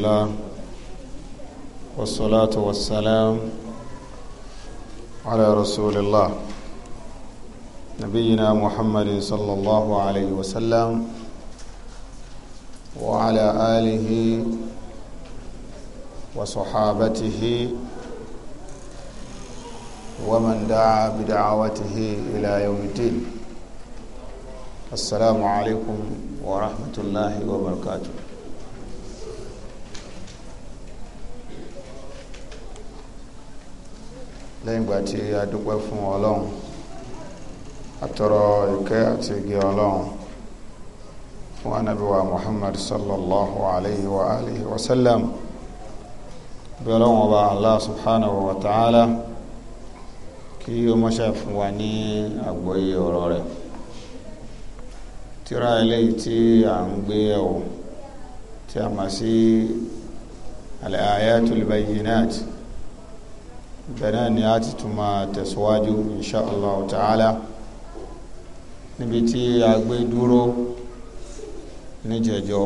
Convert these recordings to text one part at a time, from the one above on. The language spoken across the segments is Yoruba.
الله والصلاة والسلام على رسول الله نبينا محمد صلى الله عليه وسلم وعلى آله وصحابته ومن دعا بدعوته إلى يوم الدين السلام عليكم ورحمة الله وبركاته lẹ́yìn ìgbà tí a dúpẹ́ fún ọlọ́run àtọrọ ìkẹ́ àti igi ọlọ́run fún anábíwá muhammad sallallahu alayhi wa alihi wa sallam bí ọlọ́run ọba allah subhanahu wa ta'ala kí o mọ́ṣẹ́ fún wa ní àgbọ́yé ọ̀rọ̀ rẹ̀ tíra eléyìí tí a ń gbé ẹ̀wọ̀ tí a mọ̀ sí al-ayatul bayyinat bẹ̀rẹ̀ ni a ti tún máa tẹ̀síwájú insha Allah ta'ala níbi tí a gbé dúró níjẹjọ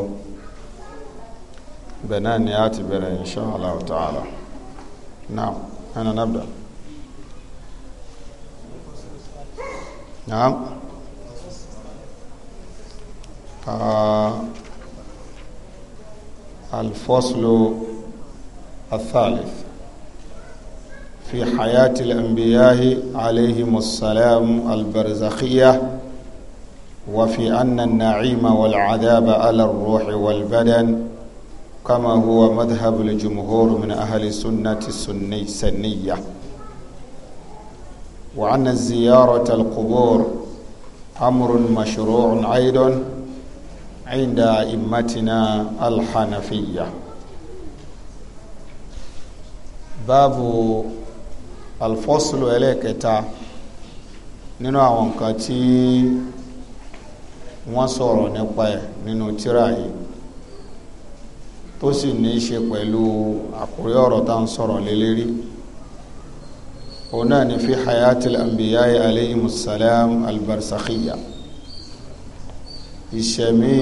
bẹ̀rẹ̀ ni a ti bẹ̀rẹ̀ insha Allah ta'ala naam ana nabda naam الفصل الثالث في حياة الأنبياء عليهم السلام البرزخية وفي أن النعيم والعذاب على الروح والبدن كما هو مذهب الجمهور من أهل السنة السنية السنية وأن زيارة القبور أمر مشروع أيضا عند أئمتنا الحنفية باب alfọ́sùlù ẹlẹ́ẹ̀kẹta nínú àwọn nǹkan tí wọ́n sọ̀rọ̀ nípa ẹ̀ nínú tírà yìí tó sì ní í ṣe pẹ̀lú àkórí ọ̀rọ̀ tá ń sọ̀rọ̀ lélẹ́rí òun náà ni fi hayatil anbiya'i alayhimus salam albarsakhiya ìṣẹ̀mí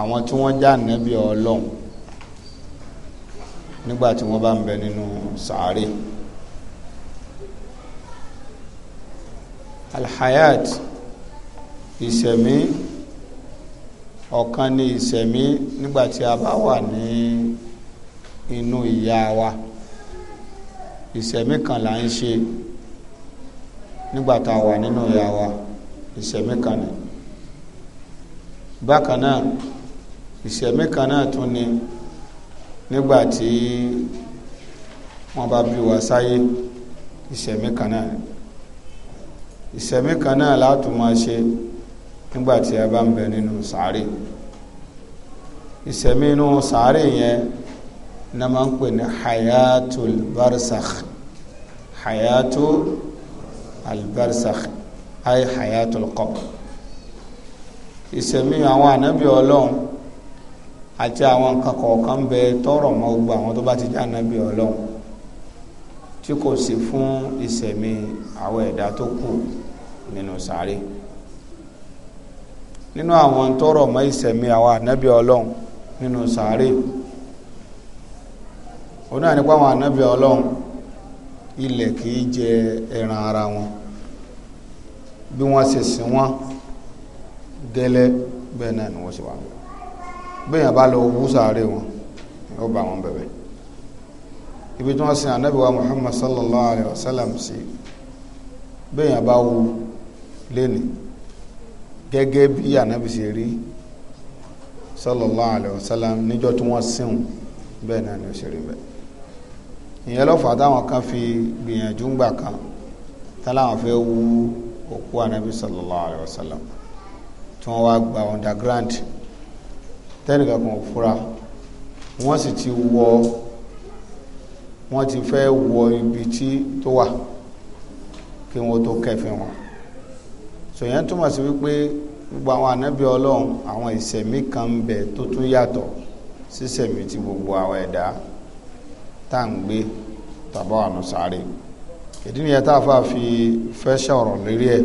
àwọn tí wọ́n já nẹ́bí ọlọ́run nígbà tí wọ́n bá ń bẹ nínú sàárè. No alhayat ìsẹ̀mí ọ̀kan ni ìsẹ̀mí nígbàtí a bá wà ní inú ìyá wa ìsẹ̀mí kan là ń ṣe nígbàtí a wà nínú ìyá wa ìsẹ̀mí kan ni bákan náà ìsẹ̀mí kan náà tún ni nígbàtí wọ́n bá bí wa sáyé ìsẹ̀mí kan náà ni ìsẹ̀mí kan náà látún máa ṣe nígbàtí a bá ń bẹ nínú sàárè ìsẹ̀mí inú sàárè yẹn na máa ń pè ní hayatul barzakh hayatu albarzakh ay hayatul qabr ìsẹ̀mí àwọn ànábì ọlọ́run àti àwọn nǹkan kọ̀ọ̀kan ń bẹ tọrọ mọ́ gbogbo àwọn tó bá ti jẹ́ ànábì ọlọ́run tí kò sí fún ìsẹ̀mí àwọn ẹ̀dá tó kù. nínú sàárè nínú àwọn tọrọ mọ́ ìsẹ̀mí àwọn ànábì Ọlọ́run nínú sàárè òun náà nípa àwọn ànábì ka ilẹ̀ kìí jẹ ẹran ara wọn bí wọ́n ṣe sìn wọ́n gẹ́lẹ́ bẹ́ẹ̀ náà ni wọ́n ṣe wà bá lọ wú ibi tí sin ànábì sallallahu alayhi sallam sí bá lẹ́ni gẹ́gẹ́ bí ànábì ṣe rí sallallahu alayhi wa sallam níjọ́ tí wọ́n sìn bẹ́ẹ̀ náà ni ó ṣe rí bẹ́ẹ̀ ìyẹn lọ́fà táwọn kan fi gbìyànjú ńgbà kan táláwọn fẹ́ wú òkú ànábì sallallahu alayhi wa tí wọ́n wá gba underground tẹ́nìkan kan fura wọ́n sì ti wọ wọ́n ti fẹ́ wọ ibi tí tó wà kí wọ́n tó kẹfin wọn sòyẹn túmọ̀ sí wípé gbogbo àwọn ànábì ọlọ́run àwọn ìṣẹ̀mí kan ń bẹ tó tún yàtọ̀ síṣẹ̀mí ti gbogbo àwọn ẹ̀dá tá à ń gbé tàbá ọ̀nà sáré ìdí nìyẹn tá a fà fi fẹ́ sọ̀rọ̀ lórí ẹ̀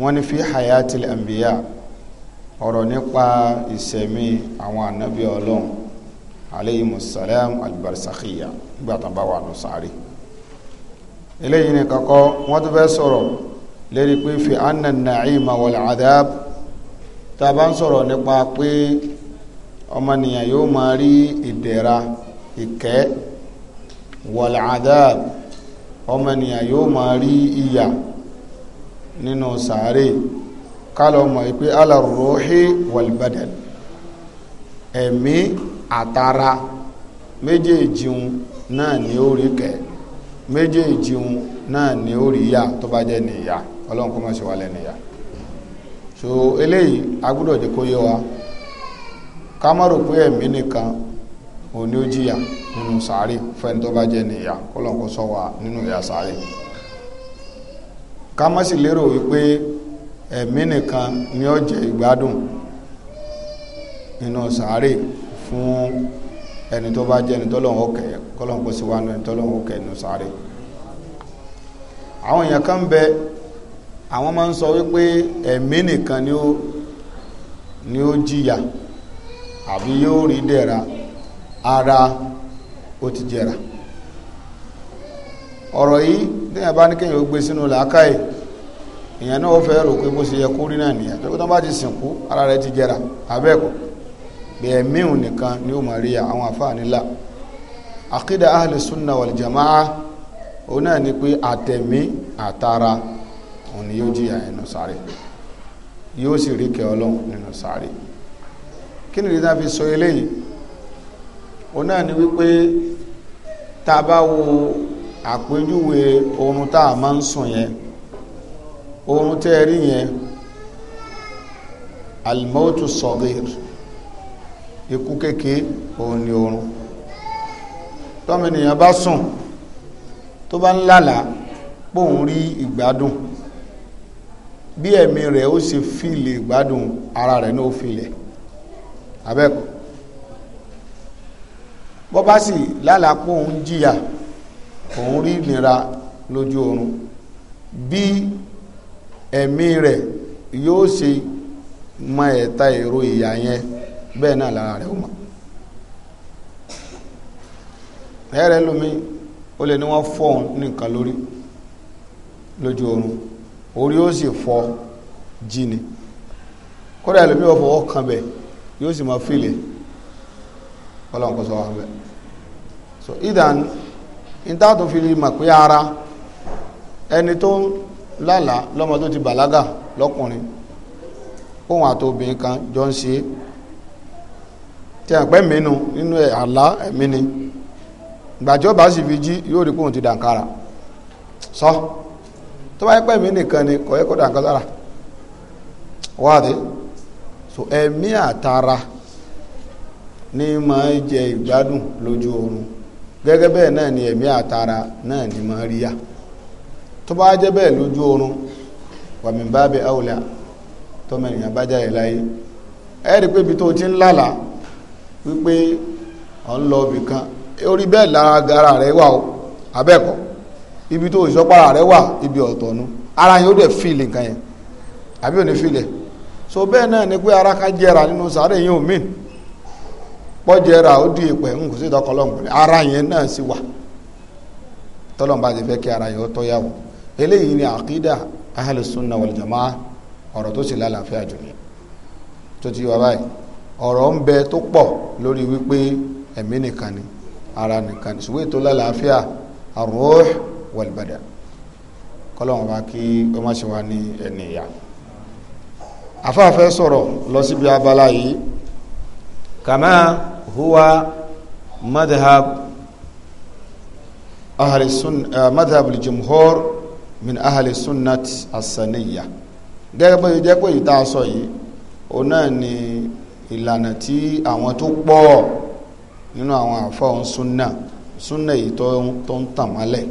wọ́n ní fi hayatil anbiya ọ̀rọ̀ nípa ìṣẹ̀mí àwọn ànábì ọlọ́run aleyhi musalam albarsakhiya nígbà tàbá ọ̀nà sáré eléyìí ni kakọ́ wọ́n tún fẹ́ sọ̀rọ̀ lérí pé fi anna na'ima wal adab tá a bá ń sọ̀rọ̀ nípa pé ọmọnìyàn yóò máa rí ìdẹ̀ra ìkẹ́ wal adab ọmọnìyàn yóò máa rí ìyà nínú sàárè kálọ̀ mọ̀ pé ala ruhi wal ẹ̀mí àtara méjèèjì náà ni ó rí kẹ́ méjèèjì náà ni ó rí yà tó bá jẹ́ nìyà. ọlọ́run kó má ṣe wà lẹ́nu so eléyìí agbúdọ̀ jẹ́ kó wa ká má rò pé ẹ̀mí nìkan òun ni ó jìyà nínú sàárè fún tó bá jẹ́ ní ìyà kó wa nínú ìyà sàárè ká má sì lérò wípé ẹ̀mí nìkan ni ìgbádùn nínú àwọn máa ń sọ wípé ẹ̀mí nìkan ni ó ni ó jìyà àbí yóò rí dẹ̀ra ara ó ti jẹ̀ra ọ̀rọ̀ yìí téèyàn bá ní kéèyàn ó gbé sínú làákàyè èèyàn náà ó fẹ́ rò pé bó ṣe yẹ kó rí náà nìyà tó bá ti sìnkú ara rẹ̀ ti jẹ̀ra abẹ́ẹ̀kọ́ bí ẹ̀mí nìkan ni ó máa rí àwọn àfáàní là àkídà ahli sunna wal jamaa náà ni pé àtẹ̀mí àtara òun ni yóò jìyà nínú sáré yóò sì rí kẹ́ ọlọ́run nínú sáré kí ni ìdá fi sọ eléyìí òun náà ni wípé tá a bá wo àpèjúwe oorun tá a máa ń sùn yẹn oorun tẹ́ ẹ rí yẹn almautu sọgir ikú kéke òun ni oorun tọ́mọ ènìyàn bá sùn tó bá ń lálàá pòun rí ìgbádùn bí ẹ̀mí rẹ̀ ó ṣe fílè gbádùn ara rẹ̀ náà ó fílẹ̀ abẹ́kọ̀ bọ́ bá sì lálàpò òun jìyà òun rí ìnira lójú oorun bí ẹ̀mí rẹ̀ yóò ṣe mọ ẹ̀ta èrò ìyà yẹn bẹ́ẹ̀ náà lára rẹ̀ ó mọ̀ ẹ̀rẹ́ lómi ó lè ní wọ́n fọ́ òun nìkan lórí lójú oorun orí ó sì fọ jí ni kódà ẹlòmíì ó fọwọ́ kan bẹ̀ yóò sì máa fìlẹ̀ ọlọ́run kò sọ wá bẹ̀ so idan níta tó fi mọ̀ pé ara ẹni tó lálàá lọ́mọ tó ti bàlágà lọ́kùnrin òun àti obìnrin kan jọ ń ṣe é tí àpẹ́ mìínú nínú ẹ̀ àlá ẹ̀mí ni gbàjọba sì fi jí yóò rí pé òun ti dànkárà sọ. So, tó bá yẹ pé ẹ̀mí nìkan ni kò yẹ kó dà nǹkan sára wáàdí so ẹ̀mí àtara ni máa ń jẹ ìgbádùn lójú oorun gẹ́gẹ́ bẹ́ẹ̀ náà ni ẹ̀mí àtara náà ni máa ríyà tó bá jẹ́ bẹ́ẹ̀ lójú oorun wàmí bá bẹ àwòlà tọ́mọ ènìyàn bá jáde láyé ẹ rí i pé ibi tó ti ń lálà wípé ọ̀ ń lọ ibì kan orí bẹ́ẹ̀ lára gara rẹ̀ wà o abẹ́ẹ̀kọ́ ibi tó ìsọpára rẹ wà ibi ọ̀tọ̀ ara yẹn dẹ̀ fíìlì nǹkan yẹn àbí so bẹ́ẹ̀ náà ni pé ara ká jẹra nínú sàárè yẹn ò mí pọ́jẹrà ó di ìpẹ́ ń kò sí ìtọ́kọ lọ́nkùnrin ara yẹn náà sì wà tọ́lọ́mbà ti fẹ́ kí ara yẹn ó tọ́yàwó eléyìí ni àkídà ahlu sunna wal jamaa ọ̀rọ̀ tó sì lálàáfíà jù tó ti báyìí ọ̀rọ̀ ń bẹ tó pọ̀ lórí wípé ẹ̀mí nìkan ni ara nìkan ni ṣùgbọ́n ètò lálàáfíà wọlbada kọlọ́wọ́n bá kí ó má ṣe wá ní ẹni ìyá afáfẹ́ sọ̀rọ̀ lọ síbi abala yìí kàmá huwa madhab ahli sunna eh, madhab al-jumhur min ahli sunnat as-saniyya gẹ́gẹ́ bó jẹ́ pé ìta sọ yìí òun náà ni ìlànà tí àwọn tó pọ̀ nínú àwọn àfọ̀ sunna sunna yìí tó ń tàn mọ́lẹ̀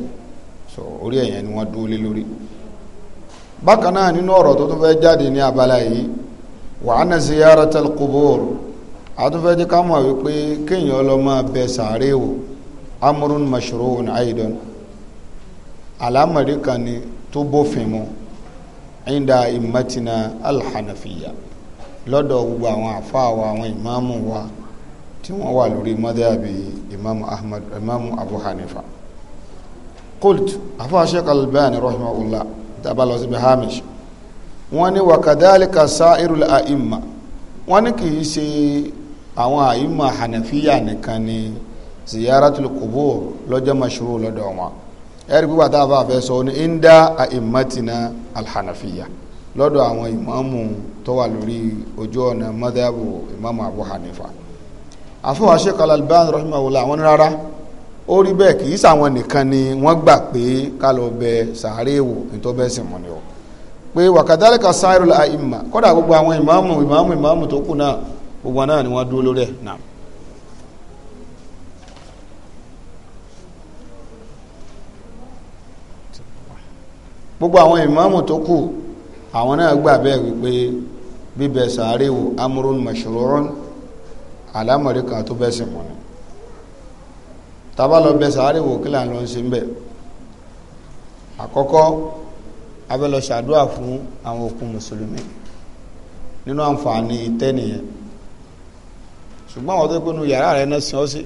so orí ẹ̀yẹn ni wọ́n dúró lé lórí bákan náà nínú ọ̀rọ̀ tó tún fẹ́ jáde ní abala yìí wa anna ziyaratal qubur àtúnfẹ́ jẹ́ ká mọ̀ wípé kéèyàn lọ máa bẹ sàárè wò amrun mashru'un aidan alámọ̀rí kan ni tó bófin mu inda immatina alhanafiya lọ́dọ̀ gbogbo àwọn àfáà wa àwọn ìmáàmù wa tí wọ́n wà lórí madhabi ìmáàmù ìmáàmù abu hanifa qult afa sheikh albani rahimahullah tàbá lọ síbi hamish wọ́n ní wa kadhalika sa'irul a'imma wọ́n ní kì í ṣe àwọn a'imma hanafiya nìkan ni ziyaratul qubur lọ́jọ́ mashuru lọ́dọ̀ wọn ẹ̀rí pípa tá a bá fẹ́ sọ ní inda a'immatina alhanafiya lọ́dọ̀ àwọn ìmáàmù tó wà lórí ojú ọ̀nà madhabu ìmáàmù abu hanifa àfọwọ́ sheikh albani rahimahullah wọ́n ní rárá ó rí bẹ́ẹ̀ kì í sàwọn nìkan ni wọ́n gbà pé ká lọ bẹ sàárè wò nítọ́bẹ̀ sì mọ̀ ni ọ pé wàkàtàlẹ́kà sáírù àìmà kọ́dà gbogbo àwọn ìmáàmù ìmáàmù ìmáàmù tó kù náà gbogbo náà ni wọ́n dúró lórí ẹ̀ náà. gbogbo àwọn ìmáàmù tó kù àwọn náà gbà bẹ́ẹ̀ wípé bíbẹ̀ sàárè wò amúrún mọ̀ṣúrọ́rọ́n alámọ̀rí tó bẹ́ẹ̀ sì mọ̀ ni tábà lọ bẹ sàárè wò kílà lọ ń ṣe ń bẹ àkọ́kọ́ abẹ́ lọ ṣàdúrà fún àwọn òkú mùsùlùmí nínú àǹfààní tẹ́nìyẹn ṣùgbọ́n àwọn tó kó nu yàrá rẹ̀ náà sìn ọ́ sí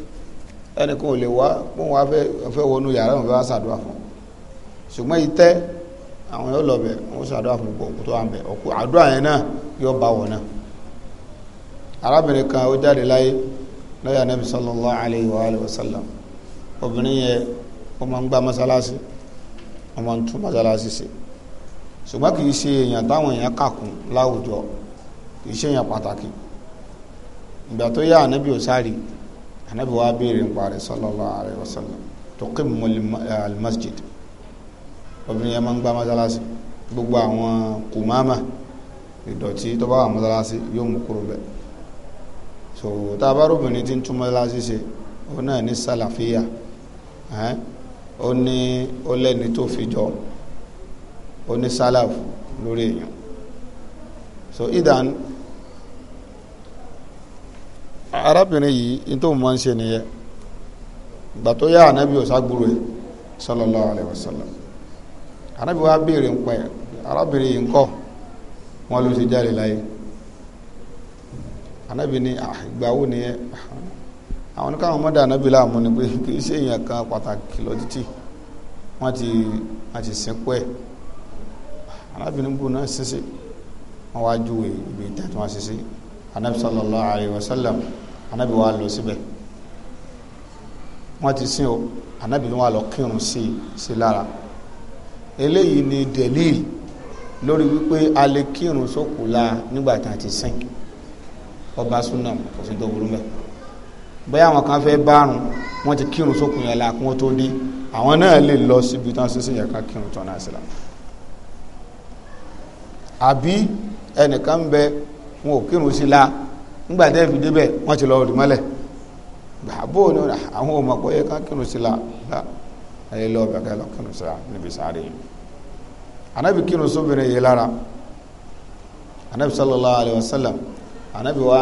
ẹnìkan ò lè wá bóun wá fẹ́ wọnú yàrá òun fẹ́ wá ṣàdúrà fún ṣùgbọ́n ìtẹ́ àwọn yóò lọ bẹ̀ wọ́n ṣàdúrà fún òkú tó wà ń bẹ̀ òkú àdúrà yẹn náà yóò bá wọ̀ náà arábìnrin kan ó jáde láyé lọ́yà nàbì sallallahu alayhi wa sallam obìnrin yẹn wọ́n máa ń gba mọ́sálásí wọ́n máa ń tún mọ́sálásí ṣe ṣùgbọ́n kì í ṣe èèyàn táwọn èèyàn kàkún láwùjọ kì í ṣe èèyàn pàtàkì ìgbà tó yá ànábì òsáàrì ànábì wa béèrè ń parí sallallahu alaihi wasallam tuqimmu al-masjid obìnrin yẹn máa ń gba mọ́sálásí gbogbo àwọn kùmáàmà ìdọ̀tí tó bá wà mọ́sálásí yóò mú kúrò bẹ́ẹ̀ so tá a bá rògbòmìnir ti ń tún mọ́sálásí ṣe òun náà ní sàlàfíà ó ní ó lẹ́ni tó fi jọ ó ní sálàf lórí èèyàn so idan arábìnrin yìí in tó mọ́ ń ṣe nìyẹn ìgbà tó yá ànábì òṣàgbúrò ẹ̀ sallallahu alaihi wasallam ànábì wa béèrè ń pẹ́ arábìnrin yìí ń kọ́ wọn ló ti jáde láyé ànábì ní ah, ìgbà wo nìyẹn àwọn oníkàwọn mọ́dà anábì láàmú ni pé kì í ṣe èèyàn kan pàtàkì lọ títì wọ́n ti wọ́n ti sìnkú ẹ̀ anábì níbo náà ṣiṣẹ́ wọ́n wá ju ibi ìtàn tí wọ́n ṣiṣẹ́ anábì sallallahu alayhi wa sallam anábì wa lọ síbẹ̀ wọ́n ti sìn o anábì ni lọ kírun sí sí lára eléyìí ni delil lórí wípé a lè kírun sókùlà nígbà tá a ti sìn ọba súnà kò sí tó burú mẹ́ẹ̀. bóyá àwọn kan fẹ́ bárun wọ́n ti kírun sókun yẹn la kún tó dé àwọn náà lè lọ síbi tán sísìn yẹn ká kírun tán náà sílá àbí ẹnìkan bẹ wọn ò la tẹ́ fi débẹ̀ wọ́n ti lọ rí mọ́lẹ̀ gbàbó ni àwọn ò mọ̀ pé yẹ ká kírun la ẹ lọ bẹ̀ ká lọ kírun la níbi anabi kírun sóbìnrin yìí anabi sallallahu wa sallam anabi wa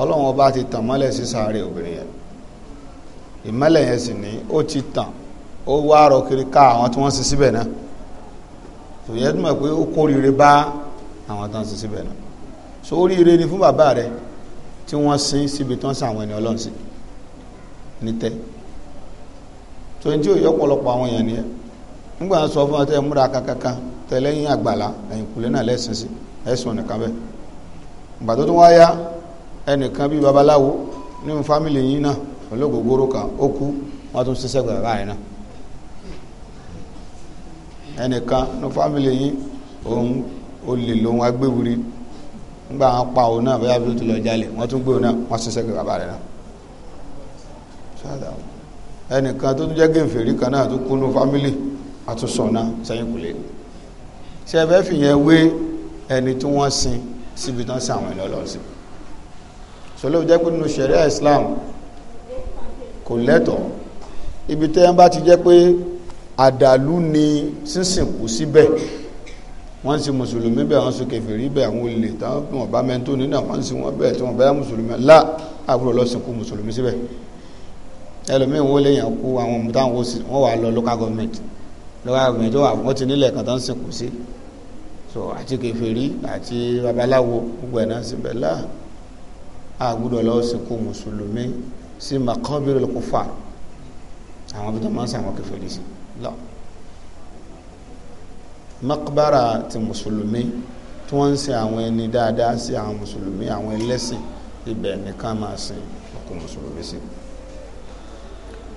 ọlọ́run ọba ti tàn mọ́lẹ̀ sí sáré obìnrin yẹn ìmọ́lẹ̀ yẹn sì ní ó ti tàn ó wá rọ kiri ká àwọn tí wọ́n sì síbẹ̀ náà tò yẹ túmọ̀ pé ó kóríire bá àwọn tó sì síbẹ̀ náà so oríire ni fún bàbá rẹ tí wọ́n sin síbi tó ń sàwọn ẹni ọlọ́run sí ní tẹ́ tó ń jí òye ọ̀pọ̀lọpọ̀ àwọn èèyàn nìyẹn nígbà sọ fún ọ tẹ múra kankankan tẹ lẹ́yìn àgbàlá ẹ̀yìnkùlé náà lẹ́sìn sí ẹ̀sùn nìkan bẹ́ẹ̀ ìgbà tó tún ẹnìkan bíi babaláwo nínú fámìlì yín náà olóògógóró kan ó kú wọ́n tún ṣiṣẹ́ gbàgbà yẹn náà ẹnìkan nínú fámìlì yín òun olè lòun agbéwuri nígbà wọn pa òun náà bóyá bí ó ti lọ jalè wọ́n tún gbé òun náà wọ́n ṣiṣẹ́ gbàgbà rẹ̀ náà ẹnìkan tó tún jẹ́ gẹ̀ǹfèrí kan náà tó kúnú fámìlì àtúnṣọ náà sẹ́yìn kùlé ṣe ẹ fẹ́ fìyẹn wé ẹni tí wọ́n sin síbi tán sí àwọn ẹ̀lọ́lọ́sìn sọlọ́ jẹ́ pé nínú ṣẹ̀ríà Islam kò lẹ́tọ̀ọ́ ibi tẹ́ ń bá ti jẹ́ pé àdàlú ni sísìnkú síbẹ̀ wọ́n sì mùsùlùmí bẹ̀ wọ́n sì kèfèrí bẹ̀ àwọn olè táwọn bí wọ́n bá mẹ́ntó nínú àwọn sì wọ́n bẹ̀ tí wọ́n bá mùsùlùmí lá àbúrò lọ́sìnkú mùsùlùmí síbẹ̀ ẹlòmíì wọ́n léèyàn kú àwọn ọmọ táwọn wọ́n wà lọ local government local government wọ́n ti nílẹ̀ kan tó ń sìnkú sí so àti kèfèrí àti babaláwo gbogbo ẹ̀ náà síbẹ̀ láà àgùdọ̀ lọ́wọ́ sìnkú mùsùlùmí sí makọ́bìrì lọ́kùfà àwọn bí tó máa ń sàwọn kẹfẹ́rì sí lọ. makbara ti mùsùlùmí tí wọ́n ń sin àwọn ẹni dáadáa sí àwọn mùsùlùmí àwọn ẹlẹ́sìn ibẹ̀ nìkan máa sin òkú mùsùlùmí sí.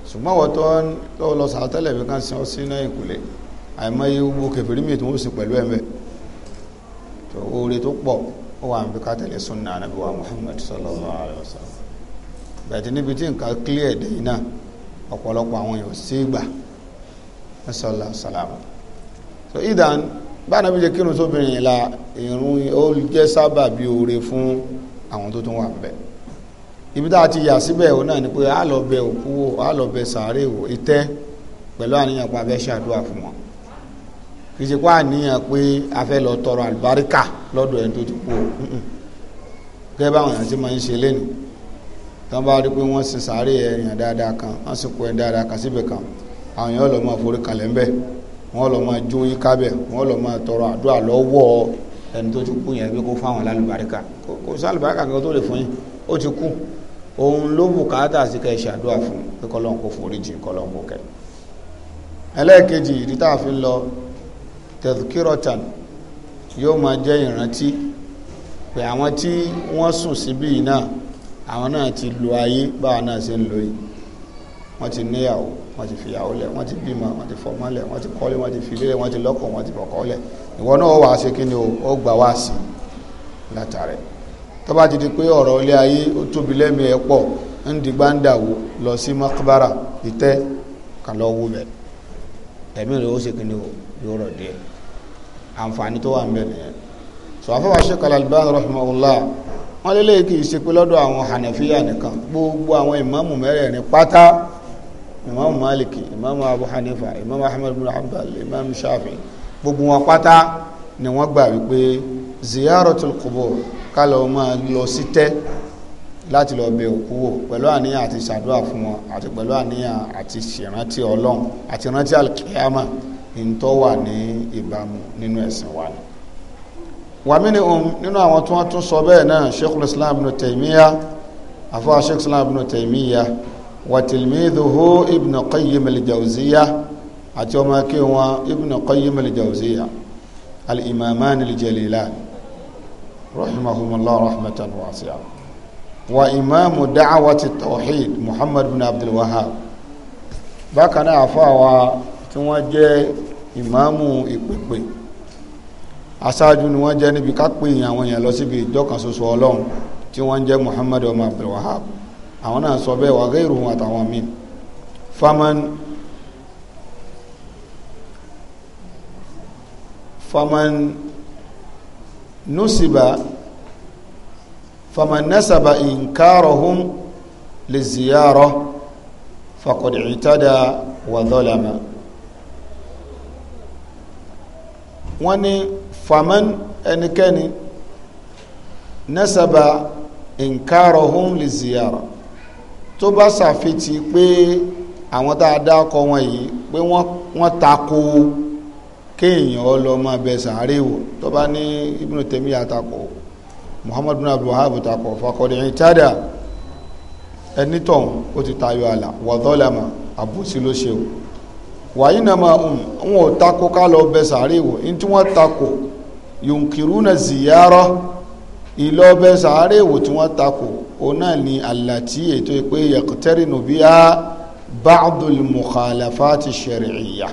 ṣùgbọ́n wọ́n tó lọ sàtẹ́lẹ̀ bí kan sin ọ́ sí náà ìkùlé àìmọye gbogbo kẹfẹ́rì mi tí wọ́n sì pẹ̀lú ẹ̀mẹ́ tó oore tó pọ̀ ó wà níbi ká sunna anabi wa muhammad sallallahu alayhi wa sallam bẹ̀tẹ̀ níbi tí nǹkan clear dé iná ọ̀pọ̀lọpọ̀ àwọn èèyàn sí gbà sallallahu salam so idan bá anabi jẹ́ kírun sóbìnrin la irun ó jẹ́ sábà bí oore fún àwọn tó tún wà bẹ̀ ibi tá a ti yà síbẹ̀ òun náà ni pé a lọ bẹ òkú wò a lọ bẹ sàárè wò ìtẹ́ pẹ̀lú àníyàn pa abẹ́ ṣàdúrà fún wọn kì í ṣe pé àníyàn pé a fẹ́ lọ tọrọ àlùbáríkà lọ́dọ̀ ẹni tó ti kú o gẹ́gẹ́ báwọn èèyàn ti máa ń ṣe lẹ́nu tán bá rí pé wọ́n sin sàárè ẹ̀yàn dáadáa kan wọ́n sì kó ẹ̀yàn dáadáa kan síbẹ̀ kan àwọn èèyàn lọ máa forí kalẹ̀ ńbẹ̀ wọ́n lọ máa jó yín kábẹ̀ wọ́n lọ máa tọrọ àdúrà lọ́wọ́ ẹni tó ti kú yẹn bí kó fáwọn lálùbáríkà kò sálùbáríkà kan tó lè fún yín ó ti kú òun ló bùkátà sí ká ẹ ṣàdúrà fún pé kọ́lọ́n kó forí jìn kọ́lọ́n kó kẹ́ ẹlẹ́ẹ̀kejì ìdí tá a fi ń lọ tẹ̀síkírọ̀tàn yóò máa jẹ́ ìrántí pé àwọn tí wọ́n sùn síbí yìí náà àwọn náà ti lo ayé báwa náà ṣe ń lo yìí wọ́n ti níyàwó wọ́n ti fìyàwó lẹ̀ wọ́n ti bímọ wọ́n ti fọmọ lẹ̀ wọ́n ti kọ́lé wọ́n ti fìlé wọ́n ti lọ́kọ wọ́n ti kọ̀kọ́ lẹ̀ ìwọ náà wàá ṣe kí ni o ó gbà wá sí i látàrí tó bá ti di pé ọ̀rọ̀ ilé ayé ó tóbi lẹ́mí ẹ̀ pọ̀ ń di gbáǹdàwó lọ sí makbara ìtẹ́ kà lọ́ọ́ wú bẹ̀ ẹ̀mí rẹ̀ ó ṣe kí ni o yóò rọ̀ díẹ̀ àǹfààní tó wà ń bẹ nìyẹn sọ àfọwà Sheikh Al-Albani rahimahullah wọn lélẹ̀ kì í ṣe pé lọ́dọ̀ àwọn hànàfíà nìkan gbogbo àwọn ìmáàmù mẹ́rẹ̀ẹ̀rin pátá ìmáàmù Maliki ìmáàmù Abu Hanifa ìmáàmù Ahmad bin Hanbal ìmáàmù Shafi gbogbo wọn pátá ni wọ́n gbà wípé ziyaratul qubur kálọ̀ máa lọ sí tẹ́ láti lọ bẹ̀ òkú wò pẹ̀lú àníyàn àti ṣàdúrà fún wọn àti pẹ̀lú àníyàn àti ṣèrántí Ọlọ́run àti rántí alkiyama ntọ́ wà ní ìbámu nínú ẹ̀sìn wa ni wàmínú um nínú àwọn tí wọ́n tún sọ bẹ́ẹ̀ náà sheikhul islam ibn taymiya afọ́wà sheikhul islam ibn taymiya wa tilmidhuhu ibn qayyim al-jawziya àti ọmọ kí wọn ibn qayyim al-jawziya al-imaman al-jalilan rahimahumullah rahmatan wasi'a wa imamu da'awati tawhid muhammad bin abdul bákan náà afọ́wà tí wọ́n jẹ́ ìmáàmù ìpèpè aṣáájú ni wọ́n jẹ́ níbi kápẹ́ èèyàn àwọn èèyàn lọ síbi ìjọkan ṣoṣo ọlọ́run tí wọ́n jẹ́ Muhammad ọmọ Abdulwahab àwọn náà sọ bẹ́ẹ̀ wàgé ìròhùn àtàwọn míì faman faman nusiba faman nasaba inkarahum liziyara faqad itada wa wọ́n ní faman ẹnikẹ́ni nasaba inkarohun li ziyara tó bá ṣàfitì pé àwọn tá a dákọ wọn yìí pé wọ́n tako kéèyàn lọ mọ abẹ sàárè wò tó bá ní ibnu tèmíyà tako muhammadu bin abdul wahab tako fakọdẹ̀yìn tádà ó ti tayọ àlà wàdọ́làmà àbòsí ló ṣe o wàyí náà máa ń um, wọn ò takò ká lọ bẹ sàárè wò ní tí wọ́n takò yunkiruna ziyara ìlọ bẹ sàárè wò tí wọ́n takò òun náà ni àlàtí ètò ìpè yaqtarinu biha ba'dul mukhalafati shari'iyya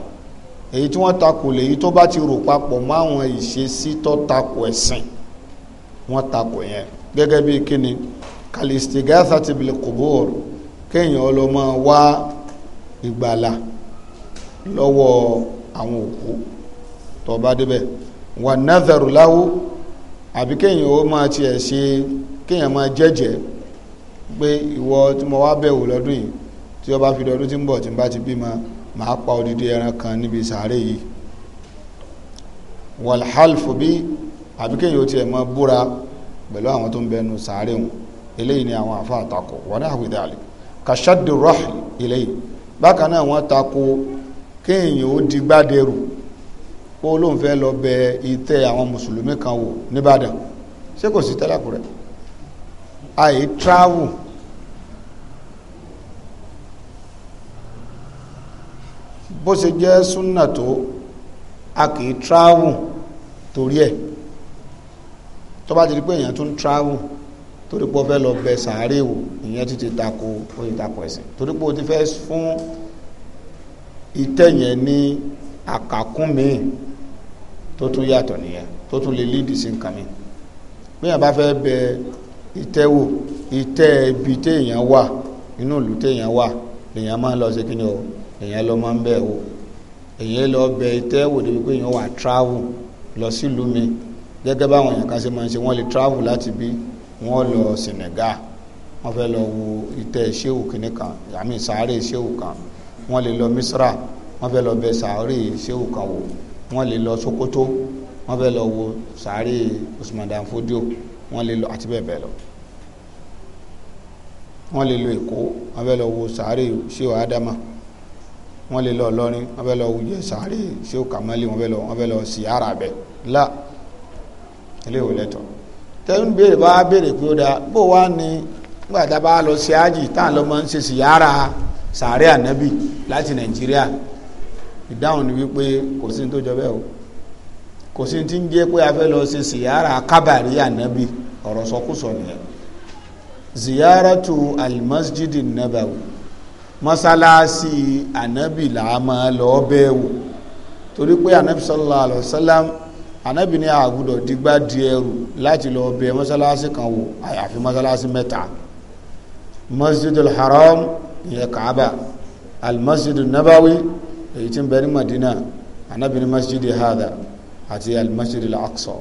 èyí tí wọ́n takò lèyí tó bá ti rò papọ̀ máwọn ìṣesí tó takò ẹ̀sìn wọ́n takò yẹn gẹ́gẹ́ bí kíni kalistigatha ti bil qubur kéèyàn ọlọ́mọ wá ìgbàlá lọ́wọ́ àwọn òkú tó bá débẹ̀ wà nàzàrù láwó àbí kéèyàn ó máa tiẹ̀ ṣe kéèyàn máa jẹ́jẹ́ pé ìwọ tí mo wá bẹ̀wò lọ́dún yìí tí ó bá fi dọdún tí ń bọ̀ tí ń bá ti bímọ màá pa odidi ẹran kan níbi sàárè yìí wàlhálfù bí àbí kéèyàn ó tiẹ̀ máa búra pẹ̀lú àwọn tó ń bẹnu sàárè wọn eléyìí ni àwọn àfa àtakò wọn náà wí dàlẹ́ kàṣàdùrọ̀ eléyìí bákan náà wọ́n tako kéèyàn ó di gbádẹrù ó lóun fẹ́ lọ bẹ ìtẹ́ àwọn mùsùlùmí kan wò nìbàdàn ṣé kò sí tẹ́lẹ̀kùrẹ́ àì travel bó ṣe jẹ́ súnà tó a kì í travel torí ẹ̀ tó bá ti di pé èèyàn tún travel torí pé ó fẹ́ lọ bẹ sàárè wò ìyẹn ti ti tako ó ti tako ẹ̀sìn torí pé ó ti fẹ́ fún ìtẹ́ yẹn ní àkàkún míì tó tún yàtọ̀ nìyẹn tó tún lè lídì sí nǹkan mi bíyàn bá fẹ́ bẹ ìtẹ́ wò ìtẹ́ ibi téèyàn wà inú ìlú téèyàn wà lèèyàn máa ń lọ sí kíni o èèyàn lọ máa ń bẹ̀ wò èèyàn lọ bẹ ìtẹ́ débi pé èèyàn wà travel lọ sílùú mi gẹ́gẹ́ báwọn èèyàn kan ṣe máa ń ṣe wọ́n lè travel láti bí wọ́n lọ Senegal wọ́n fẹ́ lọ wo ìtẹ́ ṣéwù kìnnìkan àmì sáré ṣéwù kan wọ́n lè lọ misra wọ́n fẹ́ lọ bẹ sàárè sehu kan wò wọ́n lè lọ sokoto wọ́n fẹ́ lọ wo sàárè usman dan fodio wọ́n lè lọ àti bẹ́ẹ̀ bẹ́ẹ̀ lọ wọ́n lè lọ èkó wọ́n fẹ́ lọ wo sàárè sehu adama wọ́n lè lọ lọrin wọ́n fẹ́ lọ wuyẹ sàárè sehu kamali wọ́n fẹ́ lọ wọ́n fẹ́ lọ siyara bẹ la ilé ìwé lẹtọ tẹ́lú béèrè bá béèrè pé ó dáa bó wá ní nígbà bá lọ sí ájì tá à ń lọ máa ń ṣe siyara sàárẹ̀ ànábì láti nàìjíríà ìdáhùn ni wípé kò sí tó jọ bẹ́ẹ̀ o kò sí ti ń jẹ́ pé a fẹ́ lọ ṣe ziyara kábàrí ànábì ọ̀rọ̀ sọkúsọ nìyẹn ziyaratu almasjidi nabawi mọ́sálásí ànábì là á máa lọ bẹ́ẹ̀ wò torí pé ànábì sallallahu alaihi wasallam ànábì ní àgùdọ̀ dígbà di ẹrù láti lọ bẹ mọ́sálásí kan wò àyàfi mọ́sálásí mẹ́ta masjidul haram ìyẹn kaaba almasjid nabawi èyí tí ń bẹ ní madina anabi ní masjid hada àti almasjid al-aqsa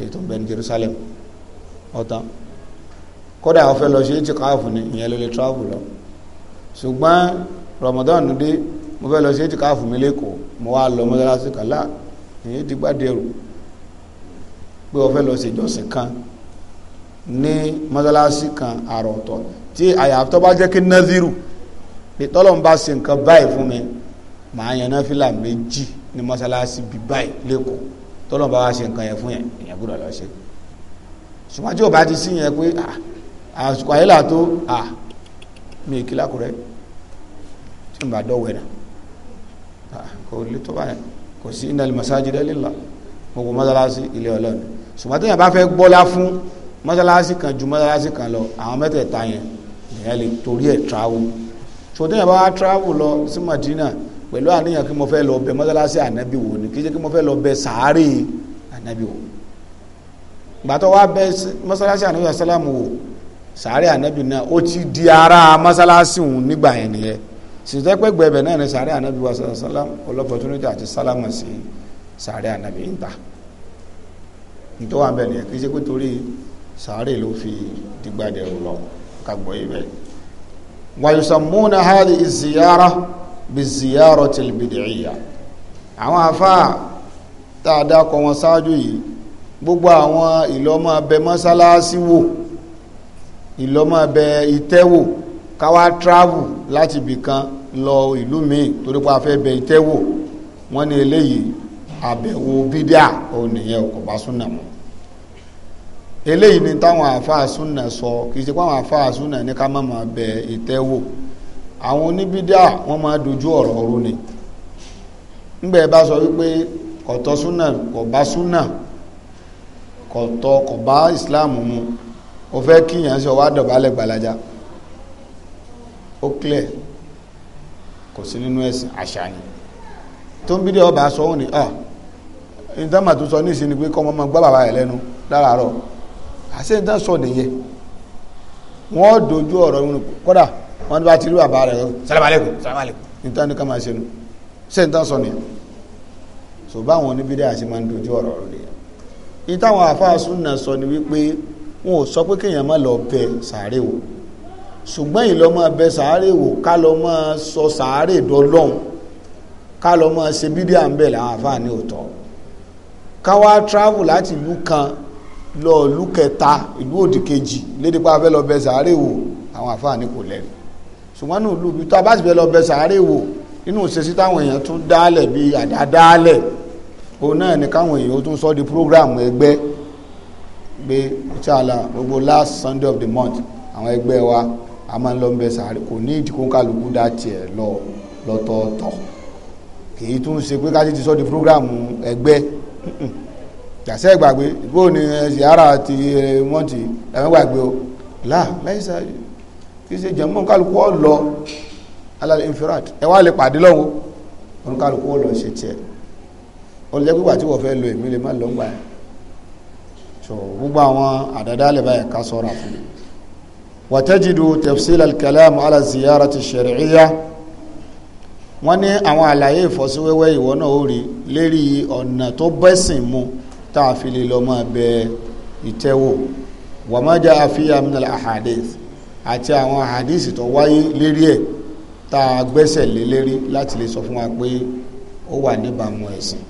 èyí tó ń bẹ ní jerusalem ọ̀tán kódà àwọn fẹ́ lọ ṣe é ti káàfù ni ìyẹn ló lè travel lọ ṣùgbọ́n ramadan dé mo fẹ́ lọ ṣe é ti káàfù mi lẹ́kọ̀ọ́ mo wá lọ mọ́sálásí kàlá ìyẹn ti gbádẹ́rù pé o lọ ṣe ìjọsìn kan ní mọ́sálásí kan àrọ̀tọ̀ tí àyàfi bá jẹ́ kí naziru pé tọ́lọ́n bá ṣe nǹkan báyìí fún mi màá yan náfìlà méjì ní mọ́sálásí bíi báyìí lẹ́kọ̀ọ́ tọ́lọ́n bá wá ṣe nǹkan yẹn fún yẹn èèyàn gbọ́dọ̀ lọ ṣe ṣùgbọ́n tí ò bá ti sí yẹn pé àsìkò ayé là tó à mi kí lákùrẹ́ tí mo bá dọ̀wọ́ ẹ̀ náà kò lè tó báyìí kò sí innal masajida lillah gbogbo mọ́sálásí ilé Ọlọ́run ṣùgbọ́n tí yẹn bá fẹ́ gbọ́lá fún mọ́sálásí kan ju mọ́sálásí kan lọ àwọn mẹ́tẹ̀ẹ̀ta yẹn ìyẹn lè torí ẹ̀ travel sòtẹ́ yẹn bá wá travel lọ sí Madina pẹ̀lú àníyàn kí mo fẹ́ lọ bẹ mọ́sálásí ànábì wò ni kí jẹ́ kí mo fẹ́ lọ bẹ sàárè ànábì wò gbàtọ́ wá bẹ mọ́sálásí ànábì asálàmù wò sàárè ànábì náà ó ti di ara mọ́sálásí òun nígbà yẹn nìyẹn sìtẹ́ pé gbẹ̀bẹ̀ náà ni sàárè ànábì wa sàlámù ọlọ́pọ̀túnìtì àti sálámù sí sàárè ànábì ń ta nítorí wà bẹ́ẹ̀ nìyẹn kí pé torí sàárè ló fi dìgbà dẹ̀rù wàyùsàmúnà hàlì ìzìyàrá bí ziyàrá tìlbìdìyà àwọn àfáà tá a dákọ wọn ṣáájú yìí gbogbo àwọn ìlọ́mọ abẹ mọ́sálásí wò ìlọ́mọ abẹ ìtẹ́wò káwá travel láti ibìkan lọ ìlú míì torí pé a fẹ́ bẹ ìtẹ́wò wọ́n ní eléyìí àbẹ̀wò bídíà òun nìyẹn kò bá súnà mọ́ eléyìí ni táwọn àáfàá súnà sọ kì í ṣe pé nị ka súnà ní ká máa bẹ ìtẹ́wò àwọn oníbídà wọ́n máa dojú ọ̀rọ̀ ọ̀rọ̀ ni ńgbẹ́ bá sọ wípé kọ̀tọ́ súnà kò bá súnà kọ̀tọ́ kò bá ìsìláàmù mu ó fẹ́ kíyàn sọ gbalaja ó clear kò sí nínú ẹ̀sìn tó ń bí ọba sọ ah, ni ah ìdámà tó sọ ní ìsinmi pé kọ́ gbá bàbá lẹ́nu láràárọ̀ àṣẹ ìtàn sọ nìyẹn wọ́n dojú ọ̀rọ̀ wọn kódà wọ́n bá ti rí bàbá rẹ̀ salamu alaikum salamu alaikum nítorí ní ká máa ṣe nu ṣe ìtàn sọ nìyẹn so báwọn oníbídẹ́ àṣẹ máa ń dojú ọ̀rọ̀ rẹ̀ nìyẹn ìtàwọn àfáàsùn náà sọ ni wípé wọn ò sọ pé kéèyàn má lọ bẹ sàárè wò ṣùgbọ́n ìlọ máa bẹ sàárè wò ká lọ máa sọ sàárè dọlọ́hún ká lọ máa ṣe bídíà ń bẹ̀ làwọn àfáà ní òótọ́ ká wá travel láti ìlú kan lọ ìlú kẹta ìlú òdì kejì lédè pa abẹ́ lọ bẹ sàárè wò àwọn àfáà ní kò lẹ́rù ṣùgbọ́n ní ìlú ibi tó a bá sì fẹ́ lọ bẹ sàárè wò nínú ìṣesí táwọn èèyàn tún dálẹ̀ bíi àdá dálẹ̀ òun náà ní káwọn èèyàn tún sọ di program ẹgbẹ́ gbé ṣáàlà gbogbo last Sunday of the month àwọn ẹgbẹ́ wa a máa ń lọ bẹ sàárè kò ní ìdíkó kálukú dá tiẹ̀ lọ lọ́tọ̀ọ̀tọ̀ kì í tún ṣe pé ká ti sọ di program ẹgbẹ́ jàṣẹ́ ìgbàgbé bó ni ṣìyára ti wọ́n ti ẹ̀mẹ́ gbàgbé o láà láìsá kí ṣe jẹ̀mọ́ kálukú ọ̀ lọ alálẹ̀ infirat ẹ wá lè pàdé lọ́wọ́ wọn kálukú ọ̀ lọ ṣe tiẹ̀ olùjẹ́ pípa tí wọ́n fẹ́ lo èmi lè má lọ gbà ẹ̀ so gbogbo àwọn àdàdà lè báyẹ̀ ká sọ́ra fún mi wàtẹ́jìdù tafsil táàfilé lọ máa bẹ ìtẹ́wò wàmájà àfihàn minal ahadith àti àwọn ahadith tó wáyé lérí ẹ̀ tá a gbẹ́sẹ̀ lé lérí láti lè sọ fún wa pé ó wà níbàámu ẹ̀sìn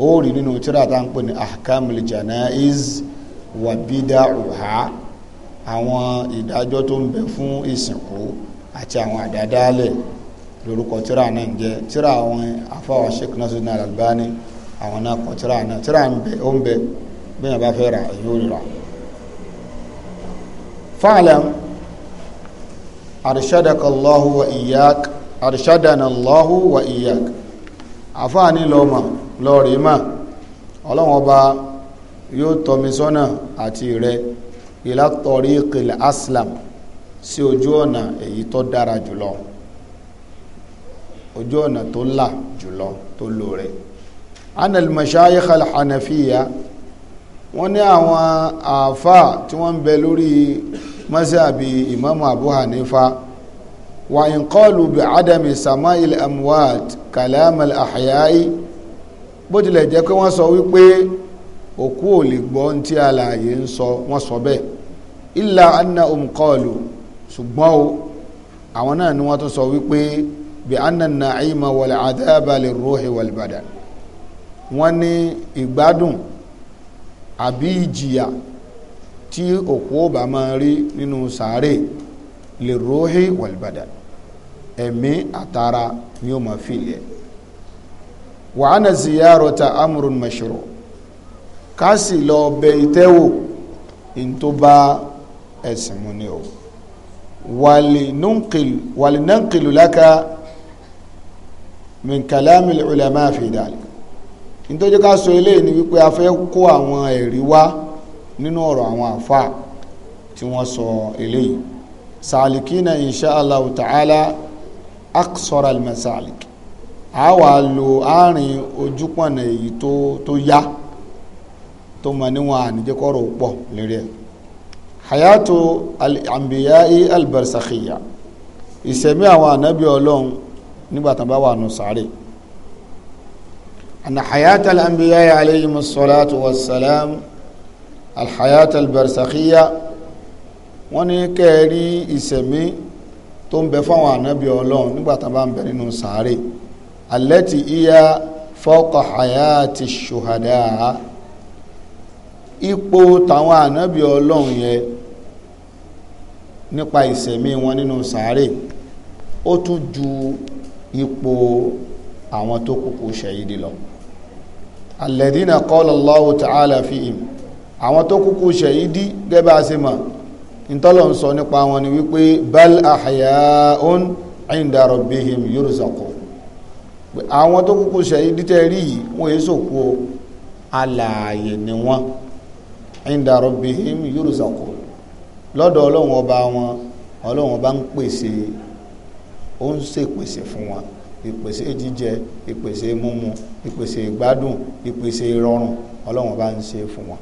ó rí nínú tíra tá à pè ní ahkamul janaiz wa bida'uha àwọn ìdájọ́ tó ń bẹ fún ìsìnkú àti àwọn àdádálẹ̀ lórúkọ tíra náà ń jẹ́ tíra àwọn afáwà Sheikh Nasruddin Al-Albani àwọn náà kọ tíra náà tíra ń bẹ ó ń bẹ bẹ́ẹ̀ bá fẹ́ ra èyí ó rà fa'lam arshadaka Allahu wa iyyak arshadana Allahu wa iyyak àfáàní lọ́mọ lọ́ọ̀rì mà ọlọ́wọ́n ọba yóò tọ́mi sọ́nà àti rẹ ila tariqil aslam sí ojú ọ̀nà èyí tó dára jùlọ ojú ọ̀nà tó là jùlọ tó lò rẹ̀ anal mashayikh al hanafiya wọ́n ní àwọn àáfà tí wọ́n ń bẹ lórí mọ́sàbí imamu abu hanifa wa in qalu bi adami sama'il amwat kalam al ahyai bó tilẹ̀ jẹ́ pé wọ́n sọ wípé òkú ò lè gbọ́ ohun tí alààyè ń sọ wọ́n sọ bẹ́ẹ̀ illa annahum qalu ṣùgbọ́n o àwọn náà ni wọ́n tún sọ wípé bi anna naima wal adaba lirruhi wal badan wọ́n ní ìgbádùn àbí ìjìyà tí òkú ọba máa rí nínú sàárè lè róhí wàlbàdà ẹ̀mí àtara ni ó máa fi ilẹ̀ wàhánà ziyarota amrun mashru ká sì lọ bẹ ìtẹ́wò in tó bá ẹ̀sìn mu ni o wàlìnànkìlù lákà min kalamil ulama fi dalik nítorí ká sọ eléyìí ni wípé a fẹ́ kó àwọn ẹ̀rí wá nínú ọ̀rọ̀ àwọn àfáà tí wọ́n sọ eléyìí sàlìkínà insha Allah ta'ala aksọ́ra almasalik a wà lo àárín ojúpọ̀nà èyí tó tó yá tó mọ̀ níwọ̀n àníjẹ́kọ̀rọ̀ pọ̀ lérí ẹ̀ hayatu al-anbiya'i albarsakhiya ìṣẹ̀mí àwọn ànábì ọlọ́run nígbàtàn nù sáré أن حياة الأنبياء عليهم الصلاة والسلام الحياة البرزخية wọ́n ní kẹ́ẹ̀rí ìsẹ̀mí tó ń bẹ fáwọn ànábì ọlọ́run nígbà tá a bá ń bẹ nínú sàárè allati iya fawqa hayati shuhada ipò táwọn ànábì ọlọ́run yẹn nípa ìsẹ̀mí wọn nínú sàárè ó tún ju ipò àwọn tó kúkú ṣẹ̀yìdì lọ alladhina qala Allahu ta'ala fihim àwọn tó kúkú ṣẹ̀yídí gẹ́bà sí ma ìtọ́lọ̀ ń sọ nípa wọn ni wípé bal ahya'un 'inda rabbihim yurzaqun àwọn tó kúkú ṣẹ̀yídí tẹ́ rí yìí wọ́n yé sòkú o alààyè ni wọ́n 'inda rabbihim yurzaqun lọ́dọ̀ ọlọ́run ọba wọn ọlọ́run ọba ń pèsè ó ń ṣèpèsè fún wọn ìpèsè jíjẹ ìpèsè múmu ìpèsè ìgbádùn ìpèsè ìrọ̀rùn ọlọ́run bá ń ṣe fún wọn.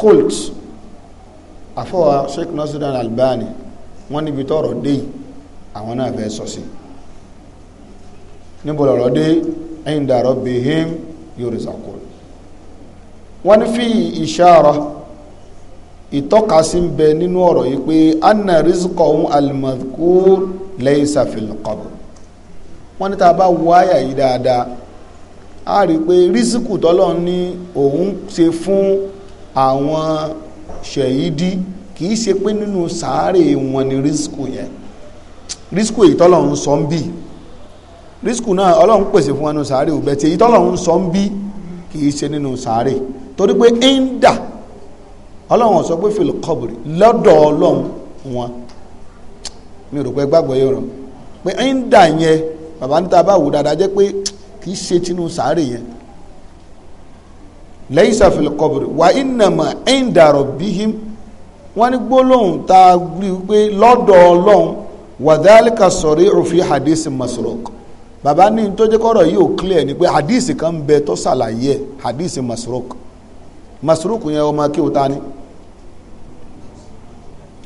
colt àfọwà sheikh nasiruddin albani wọ́n níbi tọ́rọ̀ dé àwọn náà fẹ́ sọ sí níbo lọ́rọ̀ dé inda rabbihim yurzaqun wọ́n ní fi ìṣàrọ̀ ìtọ́kasí ń bẹ nínú ọ̀rọ̀ yìí pé anna rizqa ohun al-madhkur laysa fil qabr wọ́n ní tá a bá wo àyà yìí dáadáa a rí i pé rísíkù tọ́lọ́n ní òun ṣe fún àwọn ṣẹ̀yídí kì í ṣe pé nínú sàárè wọn ni rísíkù yẹn rísíkù èyí tọ́lọ́n sọ ń bì rísíkù náà ọlọ́run pèsè fún wọn nínú sàárè òbẹ̀tì èyí tọ́lọ́run sọ ń bì kì í ṣe nínú sàárè torí pé ń dà ọlọ́run sọ pé fìlì kọ́bùrì lọ́dọ̀ ọlọ́run wọn mi rò pé gbàgbọ́ yóò rán pé ń dà yẹn bàbá níta bá wù dáadáa jẹ́ pé kì í ṣe tinú sàárè yẹn lẹ́yìn sàfihàn wà ìnàmà ń dàrọ̀ bíhìm wọ́n ní gbólóhùn tá a rí i pé lọ́dọ̀ ọlọ́run wàdálíkà sọ̀rí òfin bàbá ní tó jẹ́ kọ́rọ̀ yìí ni pé ni.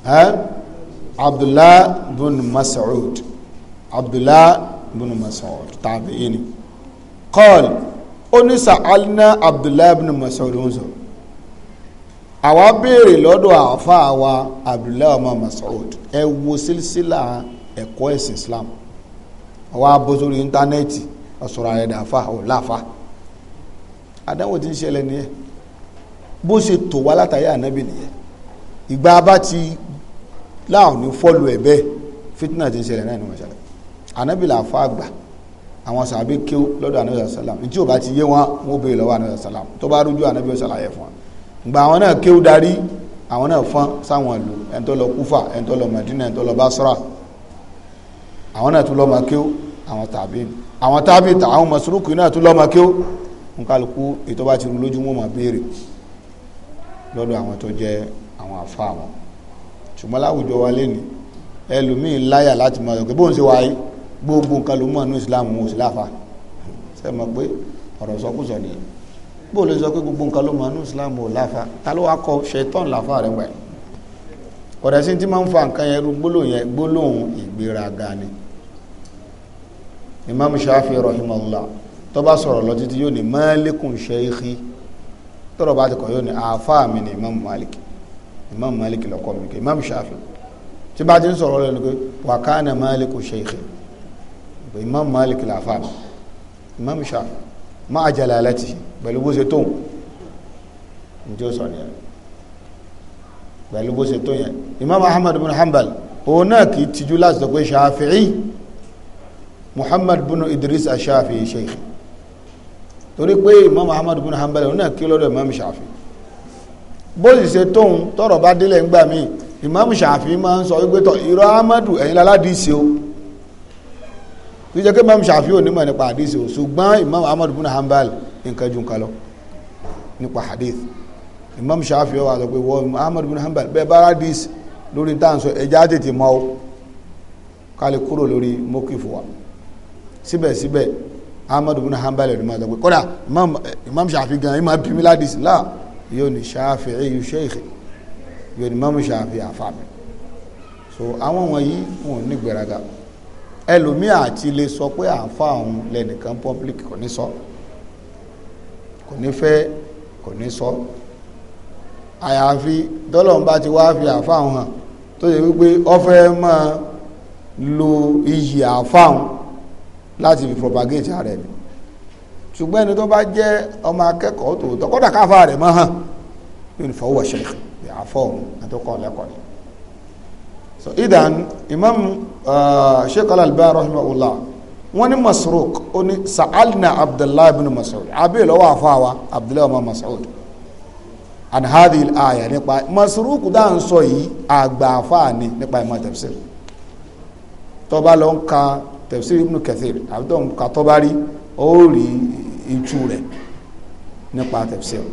abdullah bin mas'ud abdullah bin mas'ud tabi'ini qala oníṣà alina abdullah bin mas'ud ń sọ àwa béèrè lọ́dọ̀ àáfà wa abdullah ọmọ mas'ud ẹ wo sílsílà ẹ̀kọ́ ẹ̀sìn islam àwa bó sórí íńtánẹ́ẹ̀tì ọ̀sọ̀rọ̀ àyẹ̀dàfà ò láfa àdánwò tí ń ṣẹlẹ̀ nìyẹn bó ṣe tò wá látàrí ànábì nìyẹn ìgbà bá ti láwọn ní fọ́lù ẹ̀ bẹ́ẹ̀ fitna ti ń ṣẹlẹ̀ náà ní wọn ṣẹlẹ̀ anábìlà afọ àgbà àwọn sàbí kí lọ́dọ̀ anábìlà sàlám tí ò bá ti yé wọn wọn bèèrè lọ́wọ́ anábìlà sàlám tó bá rújú anábìlà sàlàyé fún wọn gba àwọn náà kéwú darí àwọn náà fọ́n sáwọn ìlú ẹni tó lọ kúfà ẹni tó lọ madina ẹni tó lọ basra àwọn náà tún lọ máa kéwú àwọn tàbí àwọn tàbí náà tún lọ máa kéwú nkálukú ṣùgbọ́n láwùjọ wa lé ní ẹlòmíín láyà láti máa yọ̀ pé bóun ṣe wáyé gbogbo nǹkan ló mọ̀ ní islam mú ìsìláfà ṣe mọ̀ pé ọ̀rọ̀ sọkúsọ nìyẹn bóun lè sọ pé gbogbo nǹkan ló mọ̀ ní islam mú ìláfà ta ló wá kọ ṣetán láfà rẹ̀ pẹ̀lú ọ̀rẹ́ sí ti máa ń fa nǹkan yẹn gbólóhùn yẹn gbólóhùn ìgbéraga ni imam shafi rahimahullah tó bá sọ̀rọ̀ lọ títí yóò ní malikun sheikhi tọ́rọ̀ bá ti kọ̀ yóò ní imam maliki imam malik lọ́kọ́ mi kẹ́ imam shafi tí bá ti ń sọ̀rọ̀ lẹ́nu pé wa kana malik shaykhi imam malik làfà imam shafi máa jalalati pẹ̀lú bó ṣe tóun njó sọ ni pẹ̀lú bó ṣe tó yẹn imam ahmad bin hanbal òun náà kì í tijú láti sọ pé shafi'i muhammad bin idris ashafi sheikh torí pé imam ahmad bin hanbal òun náà kí lọ́dọ̀ imam shafi'i bó sì ṣe tóun tọrọ bá délẹ̀ ń gbà mí ìmáàmù ṣàfi máa ń sọ wípé tọ irọ́ amadu ẹ̀yin láládìísí o kì í jẹ́ pé ìmáàmù ṣàfi ò nímọ̀ nípa àdìsí o ṣùgbọ́n ìmáàmù amadu buna hanbal nǹkan ju nǹkan lọ nípa hadith imam shafi wa sọ pé wọ́n muhammad bin hanbal bẹ́ẹ̀ bá rádìs lórí tá à ń sọ ẹja tètè mọ́ ọ ká lè kúrò lórí mọ́kìfù wa síbẹ̀síbẹ̀ ahmad bin hanbal ẹ̀rọ máa sọ pé kódà imam shafi gan imam bimila dis láà yóò ní ṣáfi'í yóò ṣéèkì yóò ní mọ́mú ṣáfi'í àfàmì so àwọn wọ̀nyí wọn ò ní gbéraga ẹlòmíì àti lè sọ pé àfa òun lẹnìkan public kò ní sọ kò ní fẹ́ kò ní sọ àyàfi dọ́lọ́n bá ti wá fi àfa òun hàn tó yẹ wípé ọfẹ́ máa lo iyì àfa òun láti fi propagate ara ẹni ṣùgbọ́n ẹni tó bá jẹ́ ọmọ akẹ́kọ̀ọ́ tòótọ́ kọ́dà káfà rẹ̀ mọ́ hàn yóò ní fọwọ́ ṣe àfọ́ òun àtọkọ́ lẹ́kọ̀ọ́ ni so idan imam uh, sheikh al-alba rahimahullah wọ́n ní masruq ó ní sa'alna abdullahi ibn mas'ud abiy lọ́wọ́ àfọwà abdullahi ibn mas'ud an hadhi aya nípa masruq dá ń sọ yìí àgbà àfáà ni nípa ìmọ̀ tafsir tó bá ń ka tafsir ibn kathir àbí tó ń ka tó rí ó rí itú rẹ̀ nípa tafsir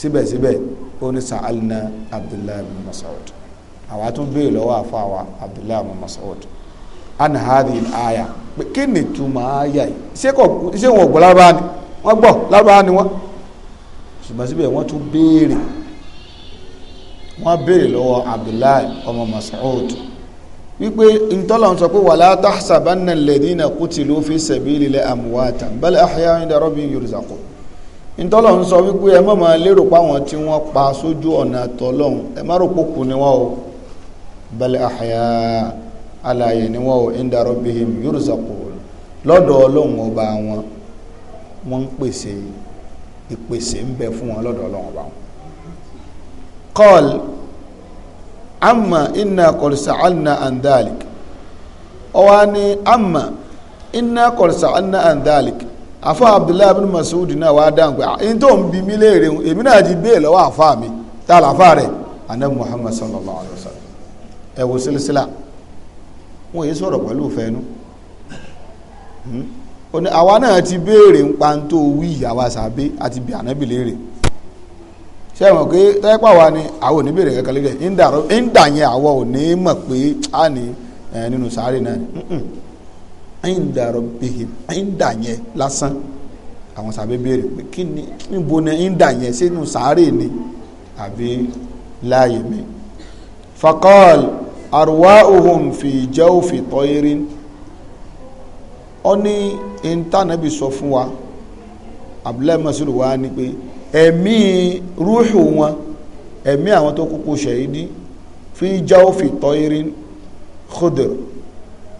síbẹ̀síbẹ̀ ó ní sa'alna abdullahi bin masoud àwa tún béèrè lọ́wọ́ àfa wa abdullahi bin masoud an hadhihi aya pé kí ni túmọ̀ aya yìí ṣé wọn gbọ́ lárúbáwá ni wọ́n gbọ́ lárúbáwá ni wọ́n ṣùgbọ́n síbẹ̀ wọ́n tún béèrè wọ́n béèrè lọ́wọ́ abdullahi ọmọ masoud wípé ìtọ́lọ̀ sọ pé wala tahsabanna alladhina fi sabilillahi amwatan bal ahya'un 'inda rabbihim yurzaqun sọ wípé ẹ má máa lérò páwọn tí pa sójú ọ̀nà ẹ má ni wọ́n o bal ni wọ́n o 'inda rabbihim yurzaqun lọ́dọ̀ ọlọ́run ọba wọn wọ́n ń pèsè ìpèsè ń bẹ fún amma inna qad sa'alna an dhalik ó wá ní amma inna qad sa'alna an dhalik afọ abdullahi bin mas'ud náà wá dáhùn pé ah, ẹni tó ń bi mí léèrè èmi náà ti béè lọ́wọ́ àfa mi tá a làfa rẹ̀ anabi muhammad sallallahu alayhi wa sallam ẹ wo wọn yìí sọ̀rọ̀ pẹ̀lú fẹ́nu hmm? àwa náà ti béèrè ń pa ń tó wí ìyàwó àti bí ànábì léèrè ṣé ẹ mọ̀ pé tẹ́pà wa ni àwọn òní bèrè kankan lórí ẹ̀ ń dà yẹn àwọn òní mọ̀ pé a ní nínú sáré náà ni ń dàrọ̀ bìhì ń dà yẹn lásán àwọn sàbẹ̀ bèrè pé kí ni níbo ni ń dà yẹn sínú sáré ni àbí láàyè mi. fakọ́ọ̀lù arwa'uhum fi jawfi tayrin ó ní ìntànàbì sọ fún wa abúlé masiru wa ni pé ẹ̀mí rúhù wọn ẹ̀mí àwọn tó kúkú ṣẹ̀yìdí fi jáòfì tọ́yìrín khudr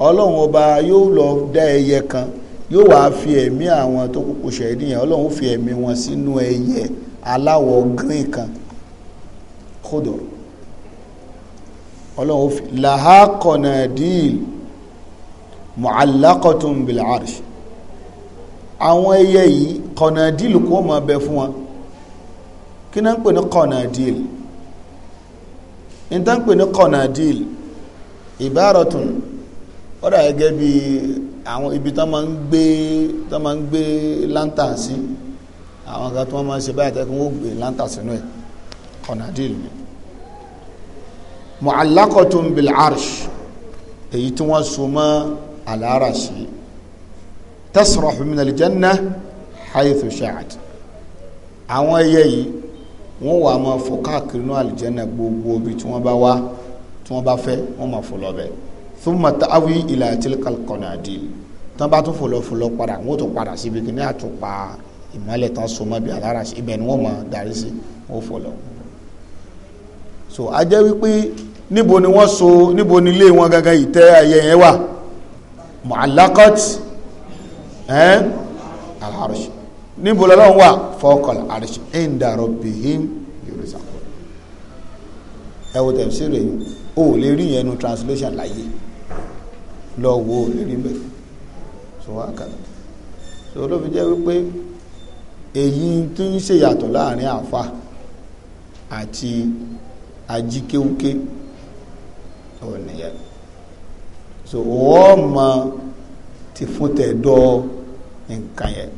ọlọ́run ọba yóò lọ dá ẹyẹ kan yóò wá fi ẹ̀mí àwọn tó kúkú ṣẹ̀yìdí yẹn ọlọ́run fi ẹ̀mí wọn sínú ẹyẹ aláwọ̀ green kan khudr ọlọ́run fi laha qanadil mu'allaqatun bil arsh àwọn ẹyẹ yìí qanadil kó máa bẹ fún wọn kí náà ń pè ní kọ̀nàdìl níta ń pè ní kọ̀nàdìl ìbáratùn ó dà gẹ́gẹ́ bí àwọn ibi tó máa ń gbé tó máa ń gbé lantern sí àwọn kan tó máa ń ṣe báyìí tẹ́kùn ó gbé lantern sínú ẹ̀ kọ̀nàdìl ni mu'allaqatun bil arsh èyí tí wọ́n so mọ́ alárasì tasrahu min al-jannah haythu sha'at àwọn ẹyẹ yìí wọ́n wà máa fò káàkiri ní àlìjẹ́nà gbogbo ibi tí wọ́n bá wá tí wọ́n bá fẹ́ wọ́n máa fò lọ́bẹ̀ thumma ta'awi ila tilkal qanadil tán bá tún fò lọ fò lọ padà wọ́n tún padà síbi kìíní àtúpa ìmọ̀lẹ̀ tán so mọ́ bí alára sí ibẹ̀ ni wọ́n máa darí sí wọ́n fò so a wípé níbo ni wọ́n so níbo ni ilé wọn gangan ìtẹ́ ayẹ yẹn wà mu'allaqat ẹ́ al-arsh níbo lọ́lọ́run wà fọ́kọ̀l àrìṣì ẹ̀ǹdàrọ̀ bìhím yorùsàkó ẹwọ tẹ̀síìrì yìí o ò lè rí yẹn nu translation láyé lọ wo ò lè rí mbẹ so wá kàdà so ló fi jẹ́ wípé èyí tó ń ṣe yàtọ̀ láàrin àfa àti ajíkéwúké ò nìyẹn so wọ́n mọ ti fún tẹ̀ dọ́ nǹkan yẹn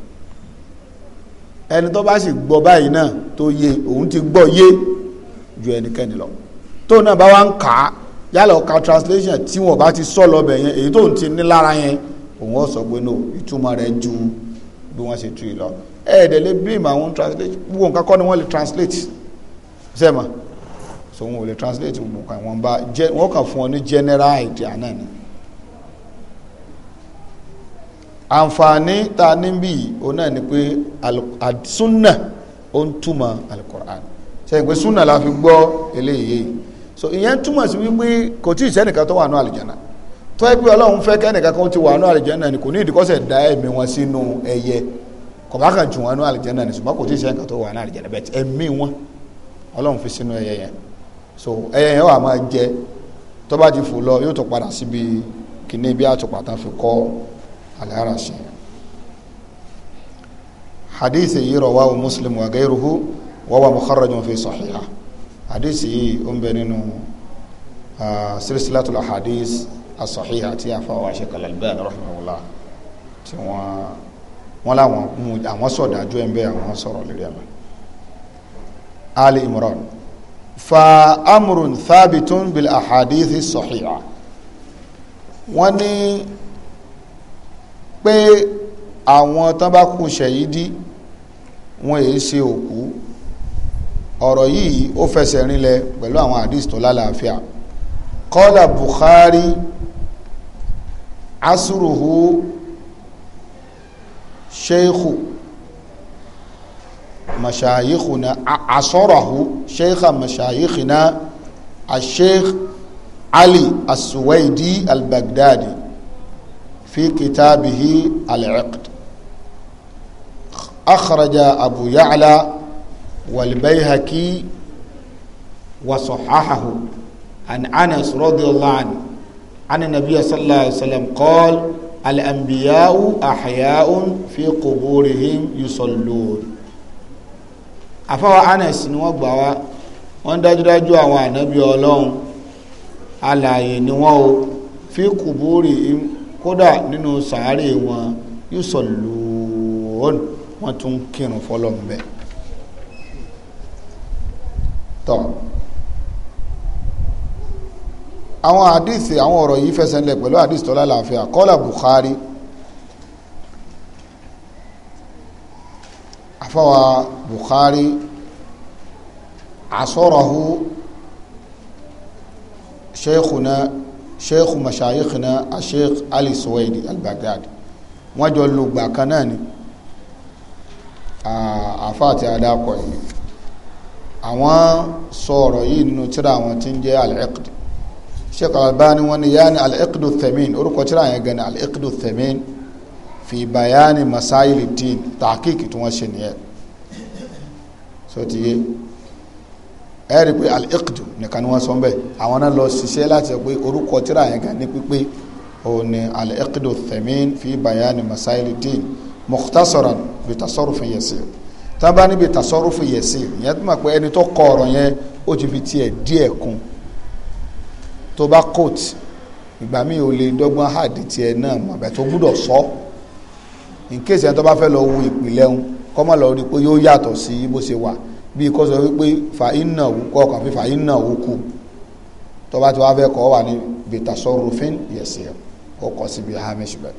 ẹni tó bá sì gbọ́ báyìí náà tó yé òun ti gbọ́ yé ju ẹnikẹ́ni lọ tó náà bá wá ń kà á yálà ọ̀ka translation tí wọn bá ti sọ lọ́bẹ̀ yẹn èyí tó ń ti ní lára yẹn òun ó sọ pé no ìtumọ̀ rẹ̀ ju bí wọ́n ṣe tú yìí lọ ẹ̀ẹ́dẹ̀ lè bíìmù àwọn translate gbogbo nǹkan kọ́ ni wọ́n lè translate sẹ́mà so wọn ò lè translate gbogbo nǹkan wọn bá wọ́n kàn fún ọ ní general idea náà ni àǹfààní ta níbí òun náà ni pé àsúnà ó ń túmọ̀ alukur'an sẹ́yìn pé súnà la fi gbọ́ eléyìí so ìyẹn túmọ̀ sí wípé kò tí ì sẹ́nìkan tó wà ní àlìjánà tó ẹ pé ọlọ́run fẹ́ kẹ́nìkan kan ti wà ní àlìjánà ni kò ní ìdíkọ́sẹ̀ dá ẹ̀mí wọn sínú ẹyẹ kò bá kàn jù wọn ní àlìjánà ni ṣùgbọ́n kò tí ì sẹ́nìkan tó wà ní àlìjánà bẹ́ẹ̀ ẹ̀mí wọn ọlọ́run fi sínú ẹyẹ yẹn so ẹyẹ yẹn wà máa jẹ tó bá ti fò lọ yóò tó padà síbi kìnnìbí àtùpà fi kọ́ al'arashi hadisi yìí rawahu muslim wa gairuhu wa wa mukharrajun fi sahiha hadisi yìí ó ń bẹ nínú silsilatul ahadis as-sahiha àti àfàwà Shaykh al-Albani rahimahullah tí wọ́n wọ́n láwọn mú àwọn sọ̀dájú ẹ̀ ń bẹ àwọn sọ̀rọ̀ lórí ẹ̀mẹ́ Ali Imran fa amrun thabitun bil ahadith sahiha wọ́n ní pé àwọn tán bá kú ṣẹ̀yídí wọn èé ṣe òkú ọ̀rọ̀ yìí ó fẹsẹ̀ rinlẹ̀ pẹ̀lú àwọn hadith tó lálàáfíà kọ́lá Bukhari asúrùhù ṣeéhù mashayíhùnà asọ́rọ̀hù ṣeéhà mashayíhùnà asheikh Ali asuwaidi al في كتابه العقد أخرج أبو يعلى والبيهكي وصححه عن أنس رضي الله عنه عن النبي صلى الله عليه وسلم قال الأنبياء أحياء في قبورهم يصلون أفوى أنس وبوا wọ́n dájúdájú àwọn ànábì ọlọ́run alààyè ni wọ́n o fi kùbúrì kódà nínú sàárè wọn yóò sọ lóòrùn wọn tún kírun fọlọ́run bẹ́ẹ̀ tọ́ àwọn àdìsí àwọn ọ̀rọ̀ yìí fẹsẹ̀ ńlẹ̀ pẹ̀lú àdìsí tọ́lá làáfíà kọ́lá Bukhari afọwà Bukhari asọ́rọ̀hu sheikhuna sheikh mashayikhna sheikh ali suwaidi al-baghdadi wọ́n jọ lo gbà kan náà ni àfa àti adákọ̀ yìí àwọn sọ ọ̀rọ̀ yìí nínú tíra àwọn tí ń jẹ́ al-iqd sheikh albani wọ́n ní yaani al-iqdu thamin orúkọ tíra yẹn gan ni al-iqdu thamin fi bayani masáyìlì dín tàkìkì tí wọ́n ṣe nìyẹn so ti yé ẹ rí i pé al-iqdu nìkan ni wọ́n sọ ń bẹ̀ àwọn náà lọ ṣiṣẹ́ láti sọ pé orúkọ tíra yẹn gan ní pípé òun ni al-iqdu thamin fi bayani masaili din mukhtasaran bi tasarrufin yasir tábà níbi tasarrufin yasir ìyẹn tó máa pé ẹni tó kọ ọ̀rọ̀ yẹn ó ti fi tiẹ̀ díẹ̀ kún tó bá coat ìgbà míì ò lè dọ́gbọ́n háàdì tiẹ̀ náà mọ̀ bẹ́ẹ̀ tó gbúdọ̀ sọ in case ẹni tó bá fẹ́ lọ wo ìpìlẹ̀ ń kọ́mọ́ lọ rí i pé yóò yàtọ̀ sí bó ṣe wà bí kò sọ wípé fàáyínà kọ́ kàn fi fàáyínà òkú tó bá ti wá fẹ́ kọ́ wà ní bìtàsọ́rùfín yẹ̀sẹ̀ ó kọ́ síbi hamish bẹ́ẹ̀.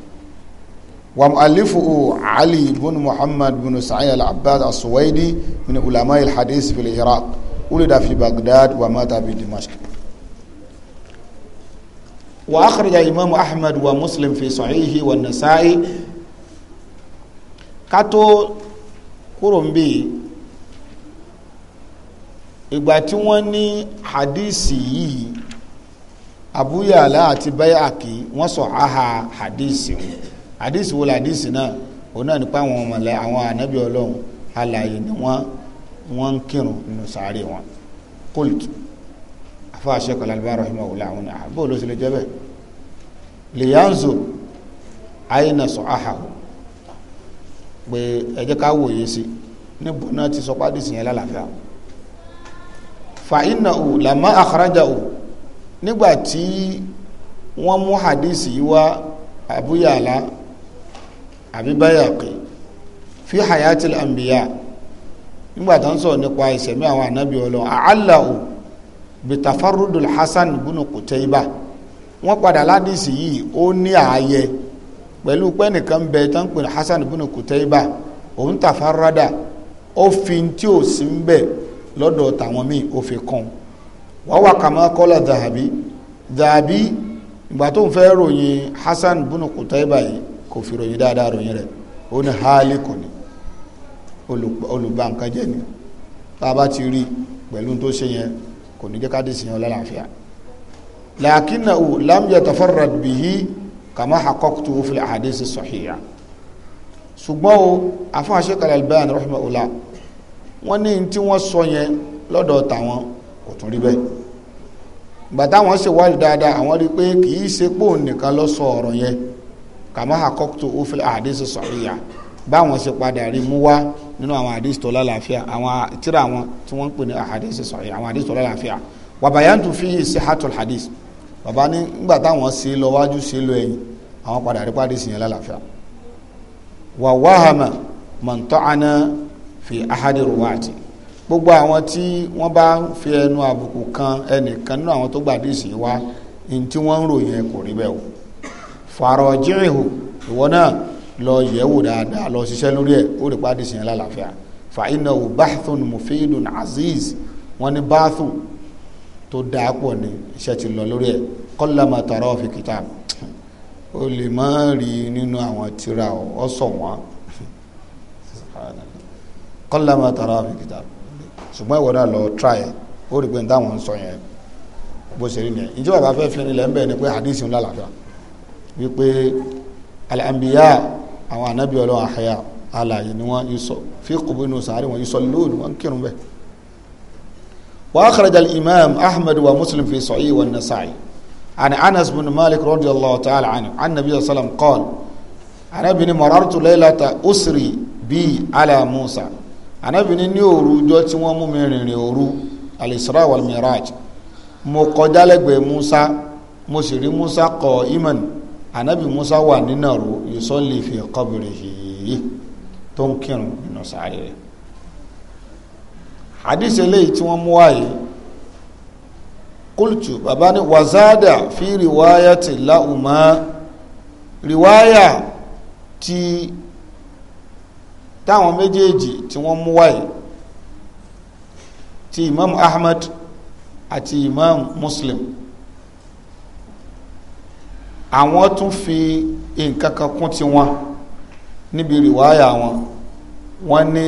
ومؤلفه علي بن محمد بن سعيد العباد السويدي من علماء الحديث في العراق ولد في بغداد ومات في دمشق وأخرج الإمام أحمد ومسلم في صحيحه والنسائي كاتو كرمبي ìgbà tí wọ́n ní hadisi yìí abúyàlá àti bayaki wọ́n sọ aha hadisi wọn hadisi wo hadisi náà òun náà nípa àwọn ọmọlẹ àwọn ànábì ọlọ́run alàyè ni wọ́n wọ́n ń kírun nínú sàárè wọn kóòtù afọ àṣekọ̀ọ́ lálẹ́ rahimahullah àwọn àbò ló ti lè jẹ́ bẹ́ẹ̀ lèyànzò àyìnà sọ ahahu pé ẹ ká wòye sí níbo náà ti sọ pé hadisi yẹn lálàáfíà wọn fàínà ò làmá àkàrájà ò nígbà tí wọ́n mú hadisi wá àbúyàlá àbíbáyàkì fi hayatil anbiya nígbà tó ń sọ̀rọ̀ nípa ìṣẹ̀mí àwọn ànábì ọlọ́run àálà ò bìtàfárúdùl hasan bùnú kùtẹ́ibà wọ́n padà ládìsí yìí ó ní ààyè pẹ̀lú pé bẹ tó ń pè ní hasan bùnú kùtẹ́ibà òun tàfárádà ó fi tí ò sí ń bẹ̀ lọ́dọ̀ tàwọn míì ó fi kún wọ́n wà kàmá kọ́lá dàbí dàbí ìgbà tó ń fẹ́ ròyìn Hasan bunu Kutayba yìí kò fi ròyìn dáadáa ròyìn rẹ̀ ó ní haali kò ní olùbànkàjẹ́ ni tá a bá ti rí pẹ̀lú tó ṣe yẹn kò ní jẹ́ ká dì sí yẹn lálàáfíà lakinahu lam yatafarrad bihi kàmá hakọ́kùtù fil ahadisi sahiha ṣùgbọ́n o afọ́n àṣekàlẹ̀ Albani rahimahullah wọ́n ní tí wọ́n sọ yẹn lọ́dọ̀ tàwọn kò tún rí bẹ́ẹ̀ gbàtà wọn ṣèwádìí dáadáa àwọn rí i pé kì í ṣe pé òun nìkan lọ sọ ọ̀rọ̀ yẹn kàmá àkọ́kùtù òfin àdéṣe sọ̀ríyà báwọn ṣe padà rí mú wá nínú àwọn àdéṣe tó lálàáfíà àwọn tíra àwọn tí wọ́n ń pè ní àdéṣe sọ̀ríyà àwọn àdéṣe tó lálàáfíà wàbàyàntù fi sihatul hadith bàbá ní gbà táwọn ṣe lọ wájú ṣe lọ ẹ̀yìn àwọn padà rí pàdé sí yẹn lálàáfíà wà wàhámà mọ̀ntọ́ àná fi ahadi ruwaati gbogbo àwọn tí wọ́n bá fi ẹnu àbùkù kan ẹnìkan nínú àwọn tó gbàdísì wá ní tí wọ́n ń ròyìn kò rí bẹ́ẹ̀ o fàrọ̀jìrìhù ìwọ náà lọ yẹ̀wò dáadáa lọ ṣiṣẹ́ lórí ẹ̀ ó rí pàdísì yẹn lálàáfíà fa innahu bahthun mufidun aziz wọ́n ní báàtù tó dáa pọ̀ ní iṣẹ́ ti lọ lórí ẹ̀ kọ́lámà tààrà fi kitab o lè má rí nínú àwọn tírà ọ sọ wọn kọ́lá máa tara fìkìtà ṣùgbọ́n ìwọ náà lọ try ẹ̀ ó rí pé ní táwọn ń sọ yẹn bó ṣe rí nìyẹn ìjọba bá fẹ́ fi nílẹ̀ ń bẹ̀ ni pé àdìsí ńlá làbíà wípé alàǹbíyá àwọn ànábì ọlọ́run àhẹ́yà alàyè ni wọ́n yí sọ fi kùbú inú sàárè wọn sọ lóòlù wọn kírun bẹ́ẹ̀. wa akhraja imam ahmad wa muslim fi sahih wa nasa'i عن انس بن مالك رضي الله تعالى عنه عن النبي صلى الله عليه وسلم قال عن ابن مررت ليله بي على موسى Ànábì ní ní òru ọjọ́ tí wọ́n mú mi rìnrìn òru al-Isra wal-Miraj mo kọjá lẹ́gbẹ̀ẹ́ Musa mo sì rí Musa qa'iman Ànábì Musa wà nínú òru yusalli fi qabrihi tó ń kírun nínú sáré rẹ̀ hadith eléyìí tí wọ́n mú wáyé kultu baba ni wazada fi riwayati lauma riwaya ti táwọn méjèèjì tí wọ́n mú wáyé ti imam ahmed àti imam muslim àwọn tún fi nǹkan kan kún ti wọn níbi rìwáyà wọn wọ́n ní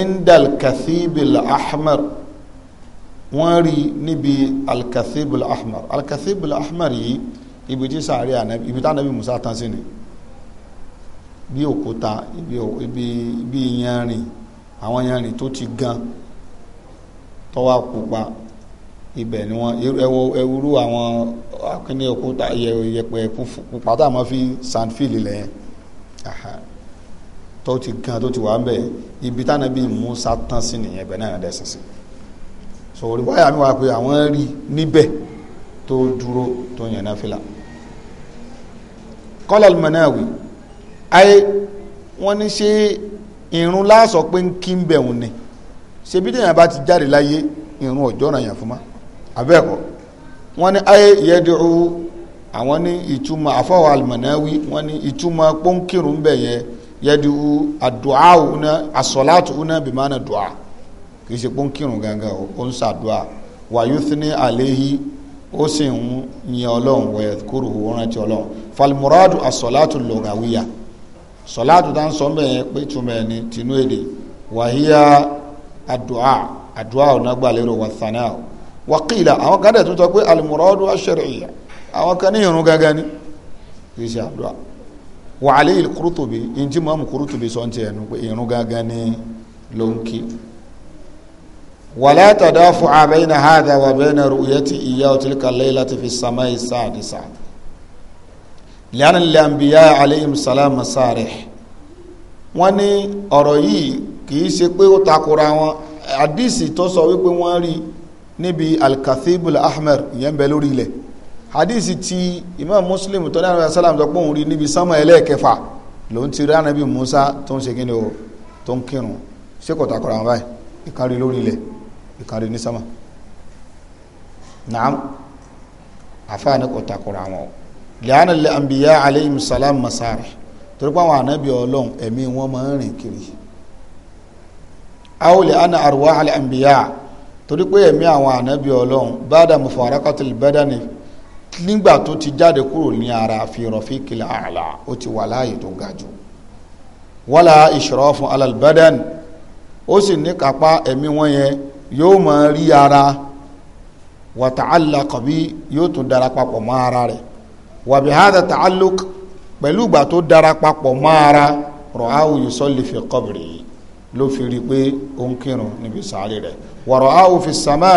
indal kathibil ahmar wọ́n rí níbi alkathibil ahmar alkathibil ahmar yìí ibi tí sàárẹ̀ ibi tí anabi musa tán sí ni bí òkúta ibi yanrìn àwọn yanrìn tó ti gan tọ́wọ́ pupa ibẹ̀ ni wọ́n ẹwọ ẹwúrú àwọn akíní òkúta yẹ̀pẹ̀ pupa tá a máa fi sandfield lẹ̀ yẹn tó ti gan tó ti wà ń bẹ̀ ibi táwọn ẹbí Musa tán sí nìyẹn ibẹ̀ náà dẹ̀ sísìn so olùwáyà mi wá pé àwọn rí níbẹ̀ tó dúró tó yẹn náà fìlà kọ́lá al-Manawi ayé wọ́n ní ṣe irun láàsọ pé ń kí ń bẹ̀rùn ni ṣebí dèyàn bá ti jáde láyé irun ọjọ́ ràn yàn fún ma abẹ́ẹ̀kọ́ wọ́n ní ayé yẹ́dì ó àwọn ní ìtumọ̀ àfọwọ́ alìmọ̀náwí wọ́n ní ìtumọ̀ pọ́ńkìrún bẹ̀ yẹn yẹ́dì ó àdùá òun àsọ̀látù òun bìmọ̀ náà dùá kì í ṣe pọ́ńkìrún gangan ó ń ṣàdùá wàyú ní àléhi ó sì ń yin ọlọ́run wẹ̀ kúrò òun rántí ọlọ́run falimuradu àsọ̀látù lọ́gàwíyà sọláàtù tá ń sọ mẹ́ẹ̀ pé túmọ̀ ẹni tinú èdè wàhíyá àdùá àdùá ọ̀nà gbàlérò wà sànà wà kíìlà àwọn kan dẹ̀ tún sọ pé alimọ̀rọ́dù aṣẹ́rìyà àwọn kan ní irun gángan ni kì í ṣe àdùá wà á lè kúrútùbí ìjì mọ́mù kúrútùbí sọ ti ẹnu pé irun gángan ni ló ń kí wàlá tàdáfù àbẹ́yìn àhàdà na rúyẹ́tì ìyá òtílkà lẹ́yìn láti fi sàmáyé sáà ní liana liambiya aleyhim salam sáré wọ́n ní ọ̀rọ̀ yìí kìí ṣe pé ó takora wọn hadisi tó sọ wípé wọ́n rí níbi alkathibul ahmer ìyẹn bẹ lórí ilẹ̀ hadisi ti imam muslim tó ní àwọn sálàm tó pọ̀ rí níbi sánmọ̀ ẹlẹ́ẹ̀kẹfà ló ti rí anabi musa tó ń ṣe kí ni o tó ń kírun ṣé kò takora wọn báyìí ìkárí lórí ilẹ̀ ìkárí ní sánmọ̀ naam àfáà ní kò takora wọn o lẹ́yìn lẹ́ àǹbíyá aleyhim salam masara torí pé àwọn ànábì ọlọ́run ẹ̀mí wọn máa ń rìn kiri awolẹ̀ ana arwah alẹ́ àǹbíyá torí pé ẹ̀mí àwọn ànábì ọlọ́run bada mufarakatul badani nígbà tó ti jáde kúrò ní ara fi rafiqil a'la ó ti wà láàyè tó ga jù wala ishrafun alal badan ó sì ní kápá ẹ̀mí wọn yẹn yóò máa rí ara wa ta'allaqa yóò tún darapapọ̀ mọ́ ara rẹ̀ wàbí hádà tàálùk pẹ̀lú ìgbà tó dára papọ̀ mára rọ̀háwù yusolli fi qabri yìí ló fi rí i pé ó ń kírun níbi sàárè rẹ̀ wà rọ̀háwù fi sàmà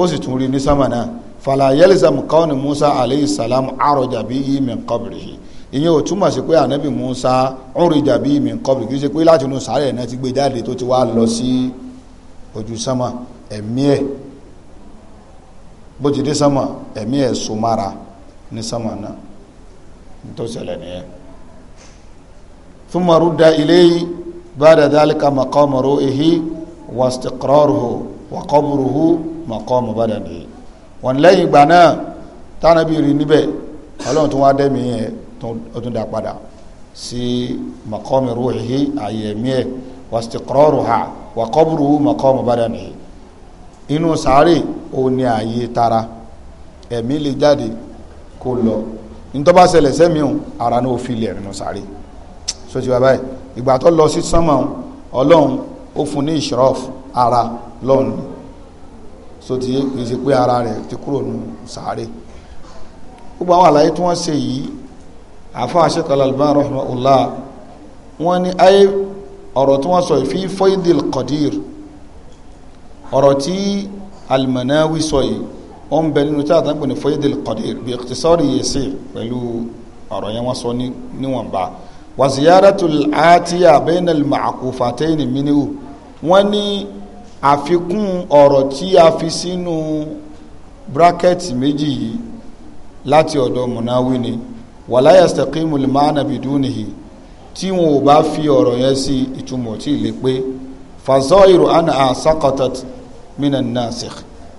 ó sì tún rí ní sàmà náà fàlà yẹlẹsàmù káwọn musa aleyhi salam àròjà bí yìí min qabri yìí ìyẹn ò túmọ̀ sí pé ànábì musa ọ̀rìjà bí min qabri kì í ṣe pé láti inú sàárè náà ti gbé jáde tó ti wá lọ sí ojú sàmà ẹ̀mí ẹ̀ bó ti dé sàmà ẹ̀mí ẹ̀ sùn mára ní sàmà náà tó ṣẹlẹ̀ nìyẹn thumma rudda ilayhi ba'da dhalika maqama ru'ihi wa istiqraruhu wa qabruhu maqama badani wọn lẹ́yìn ìgbà náà tánàbí rí níbẹ̀ ọlọ́run tó wá dẹ́mi yẹn ó tún dá padà sí maqama ru'ihi àyè ẹ̀mí ẹ̀ wa istiqraruha wa qabruhu maqama badani inú sàárè ó ní àyè tara ẹ̀mí lè jáde kó lọ ntọ́ba ṣẹlẹ̀ sẹ́mi o ara ní òfin ilẹ̀ nínú sáré sọ́tí bàbá yìí ìgbà tó lọ sí sánmà ọlọ́run ó fún ní ìṣọ́rọ̀f ara lọ́run sọ́tí kì í ṣe pé ara rẹ̀ ti kúrò nínú sáré gbogbo àwọn àlàyé tí wọ́n ṣe yìí àfa Sheikh Al-Albani rahimahullah wọ́n ní ayé ọ̀rọ̀ tí wọ́n sọ ìfi faidil qadir ọ̀rọ̀ tí Al-Manawi sọ yìí ó ń bẹ nínú tí àtàn pè ní fayidil qadir bí ikhtisari yasir pẹ̀lú ọ̀rọ̀ yẹn wọ́n sọ níwọ̀nba wa ziyaratul atiya bainal ma'kufatain minhu wọ́n ní àfikún ọ̀rọ̀ tí a fi sínú bírákẹ́tì méjì yìí láti ọ̀dọ̀ mùnáwí ni wala yastaqimu al-ma'na bidunihi tí wọn ò bá fi ọ̀rọ̀ yẹn sí ìtumọ̀ tí ì lè pé fazọ́ ìrò àná àsákọ̀tàt minan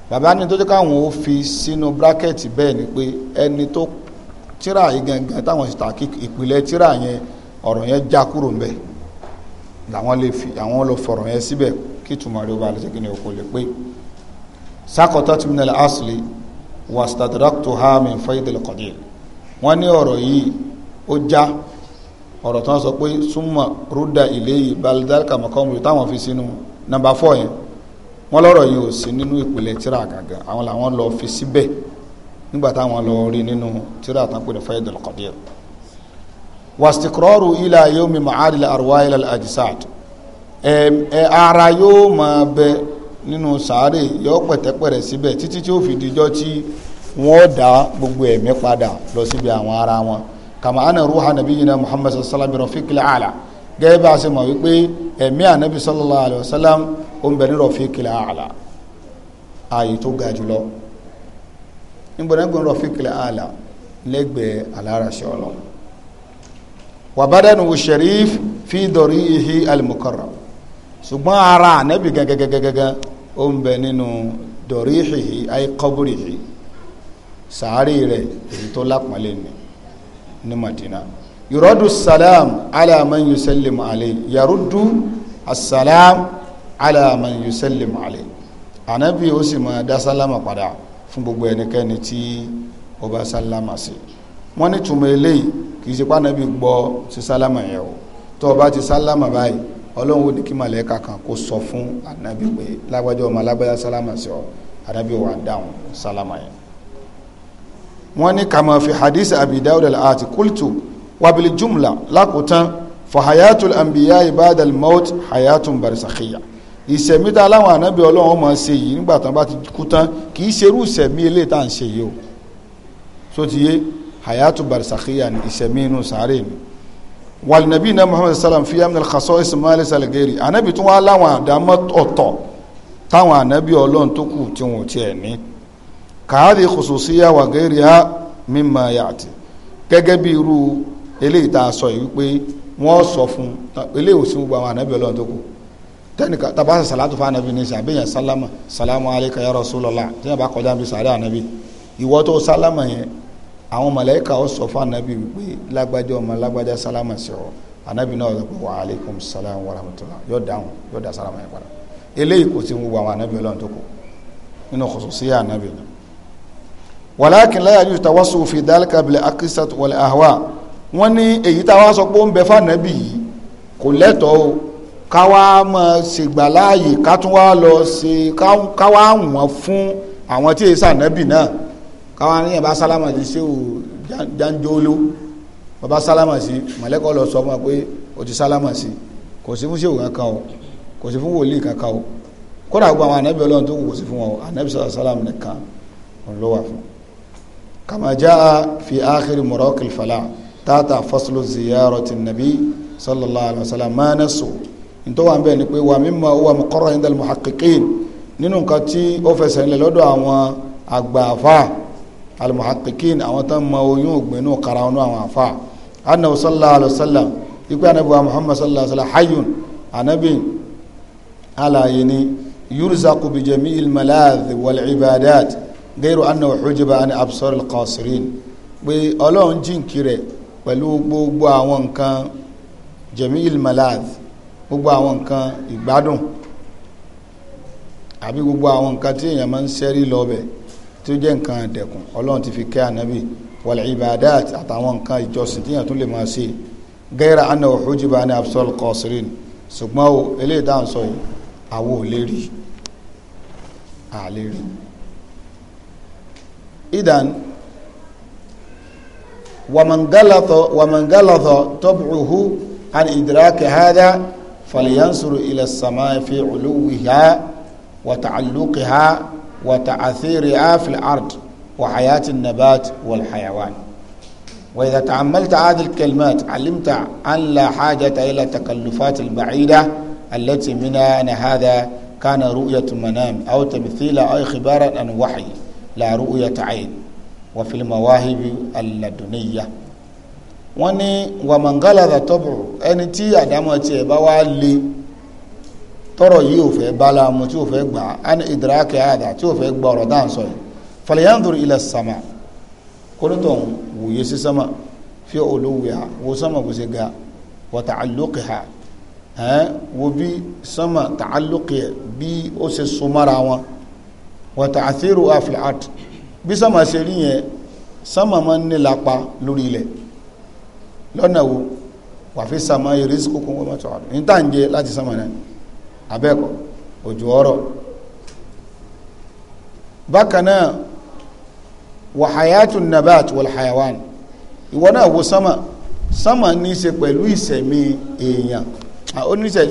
bàbá ní tó jẹ́ káwọn ó fi sínú bírákẹ́tì bẹ́ẹ̀ ni pé ẹni tó tíra yìí gangan táwọn sì tàkì ìpìlẹ̀ tíra yẹn ọ̀rọ̀ yẹn já kúrò ń bẹ̀ làwọn lè fi àwọn lọ fọ̀rọ̀ yẹn síbẹ̀ kí tùmọ̀ rẹ̀ ó ba lè ṣe kí ni òkò lè pé sakọtọ ti minẹ asili wa stadraktu ha min faidil qadir wọn ní ọ̀rọ̀ yìí ó já ọ̀rọ̀ tó ń sọ pé súnmọ́ rúdà ilé yìí balidalika mọkànlélọ táwọn fi sínú nàmbà fọ yẹn wọ́n lọ́rọ̀ yìí ò sí nínú ìpìlẹ̀ tíra gàgà àwọn làwọn lọ fi síbẹ̀ nígbà táwọn lọ rí nínú tíra tán pé ní Faidul Qadir wàstíkọ́rọ̀rù ilà yóò mi ma'adì àrùwá ilà àjísàd ara yóò máa bẹ nínú sàárè yóò pẹ̀tẹ́pẹ̀rẹ̀ síbẹ̀ títí tí ó fi dijọ́ tí wọ́n dá gbogbo ẹ̀mí padà lọ síbi àwọn ara wọn kàmáà náà rúhà nàbíyìnà Muhammad sallallahu alaihi wa sallam rafiq ala gẹ́gẹ́ bá a ṣe mọ̀ wípé ẹ̀mí ànábì sallallahu alayhi wa sallam ó ń bẹ ní rọ̀fíkìlà àlà ààyè tó ga jùlọ nígbọ̀nẹ́gbọ̀n rọ̀fíkìlà àlà lẹ́gbẹ̀ẹ́ alárasẹ̀ ọlọ́run wàbádẹ́nu sharif fi dọ̀rí ihe al-mukarram ṣùgbọ́n ara ànábì gẹ́gẹ́gẹ́gẹ́gẹ́ ó ń bẹ nínú dọ̀rí ihe ay qabrihi sàárì rẹ̀ èyí tó lápọ̀lẹ́ ní ní madina yurọ́dù salam ala man yusallimu alayhi yaruddu asalam ala man yusallimu alayhi ànábì ó sì máa dá sálámà padà fún gbogbo ẹnikẹ́ni tí ó bá sálámà sí wọ́n ní túmọ̀ eléyìí kì í ṣe pànábì gbọ́ sí sálámà yẹn o tó bá ti sálámà báyìí ọlọ́run ò ní kí màlẹ́kà kan kó sọ fún ànábì pé lágbájá ọmọ alágbájá sálámà sí ọ ànábì wà dáhùn sálámà yẹn wọ́n ní kàmọ́ hadith abi ati kultu wabili jumla lákòótán fahayatul anbiya ibadal maut hayatun barisakhiya ìsẹ̀mí tá aláwọn ànábì ọlọ́run máa ṣe yìí nígbà tán bá ti kú tán kì í ṣerú ìsẹ̀mí eléyìí tá à ń ṣe yìí o so ti yé hayatun barisakhiya ni ìsẹ̀mí inú sàárè mi walinabi na muhammad salam fi amina alkhasọ ismail salgeri anabi tún wá láwọn àdámọ́ ọ̀tọ̀ táwọn anabi ọlọ́run tó kù tí wọn tiẹ̀ ní káàdì khususiya wà gẹ́rì ha mímọ yàtì gẹ́gẹ́ bí irú eléyìí tá a sọ yìí wípé wọ́n sọ fún eléyìí ò sí gbogbo àwọn ànábì ọlọ́run tó kù tẹnika tabasa salatu fún ànábì nisa abeyan salama salamu alayka ya rasulallah tẹnika bá kọjá bí sàrẹ ànábì ìwọ tó salama yẹn àwọn màláíkà ó sọ fún ànábì wípé lágbájá ọmọ lágbájá salama sí ọ ànábì náà sọ pé wa aleykum salam wa rahmatulah yóò dáhùn yóò dá salama yẹn padà eléyìí kò sí gbogbo àwọn ànábì ọlọ́run wọ́n ní èyí tá a wá sọ pé ó ń bẹ fànàbì yìí kò lẹ́tọ̀ọ́ o ká wá mọ̀ ṣègbàláàyè ká tún wá lọ ṣe ká wá wọ̀n fún àwọn tí èyí sànàbì náà ká wá níyàn bá sálámà sí ṣé o jáńjóló bàbá sálámà sí mọ̀lẹ́kọ̀ lọ sọ fún wa pé o ti sálámà sí kò sí fún ṣéwù kankan o kò sí fún wòlíì kankan o kódà gbogbo àwọn ànábì ọlọ́run tó kò sí fún wọn o ànábì sọ̀rọ̀ sálámù nìkan òun wà fún. kàmájà fi áàkiri mọ̀rọ́kìlì fàlà tata faslu ziyarati nabi sallallahu alaihi wa sallam maana so nítorí wọn bẹ́ẹ̀ ni pé wa mimma huwa muqarrar inda al-muhaqqiqin nínú nǹkan tí ó fẹsẹ̀ nílẹ̀ lọ́dọ̀ àwọn àgbààfà al-muhaqqiqin àwọn tó ń mọ oyún ògbénú karahunu àwọn àfà anahu sallallahu alaihi wa sallam ikú anabi wa muhammad sallallahu alaihi wa sallam hayyun anabi alaye ni yurzaqu bi jami'il malaadhi wal ibadat gairu annahu hujiba an absar al-qasirin pé ọlọ́run pẹ̀lú gbogbo àwọn nǹkan jẹ̀míl malad gbogbo àwọn nǹkan ìgbádùn àbí gbogbo àwọn nǹkan tí èèyàn máa ń sẹ́rí lọ́bẹ̀ tí ó jẹ́ nǹkan àdẹ̀kùn ọlọ́run ti fi kẹ́ ànábì wal ibadat àtàwọn nǹkan ìjọsìn tí èèyàn tún lè máa ṣe gẹ́rà anna òhújìbá ní absol kọsirin ṣùgbọ́n o eléyìí tá à ń sọ yìí àwo ò lè rí à rí. idan ومن غلط ومن غلط طبعه عن إدراك هذا فلينصر إلى السماء في علوها وتعلقها وتعثيرها في الأرض وحياة النبات والحيوان وإذا تأملت هذه الكلمات علمت أن لا حاجة إلى التكلفات البعيدة التي منها أن هذا كان رؤية منام أو تمثيل أو خبارا عن وحي لا رؤية عين wa fil mawahibi alladuniya wọ́n ní wàmàngálà tọ́bù ẹni tí àdámọ̀ tiẹ̀ bá wá le tọrọ yìí ò fẹ́ bá láàmú tí ò fẹ́ gbà á ní ìdíráàkì àdá tí ò fẹ́ gbà ọ̀rọ̀ dáhùn sọ yìí fàlẹ́yàndùrú ilẹ̀ sàmà kónítọ̀n wòye sí sàmà fi olówìá wo sàmà kò sí ga wà tàálùkì ha ẹ̀ wo bí sàmà tàálùkì bí ó ṣe súnmọ́ra wọn wà tàátírù àfìlẹ́ àti bí sánmà ṣe rí yẹn sánmà máa ń ní lápá lórí ilẹ̀ lọ́nà wo wàfi sánmà eré sí kókó wọn tó àdùn níta ń jẹ láti sánmà náà abẹ́ẹ̀kọ́ òjò ọ̀rọ̀ bákan náà wàhayátù nabat wàlhayawan ìwọ náà wo sánmà sánmà ní í ṣe pẹ̀lú ìṣẹ̀mí èèyàn ó ní í ṣe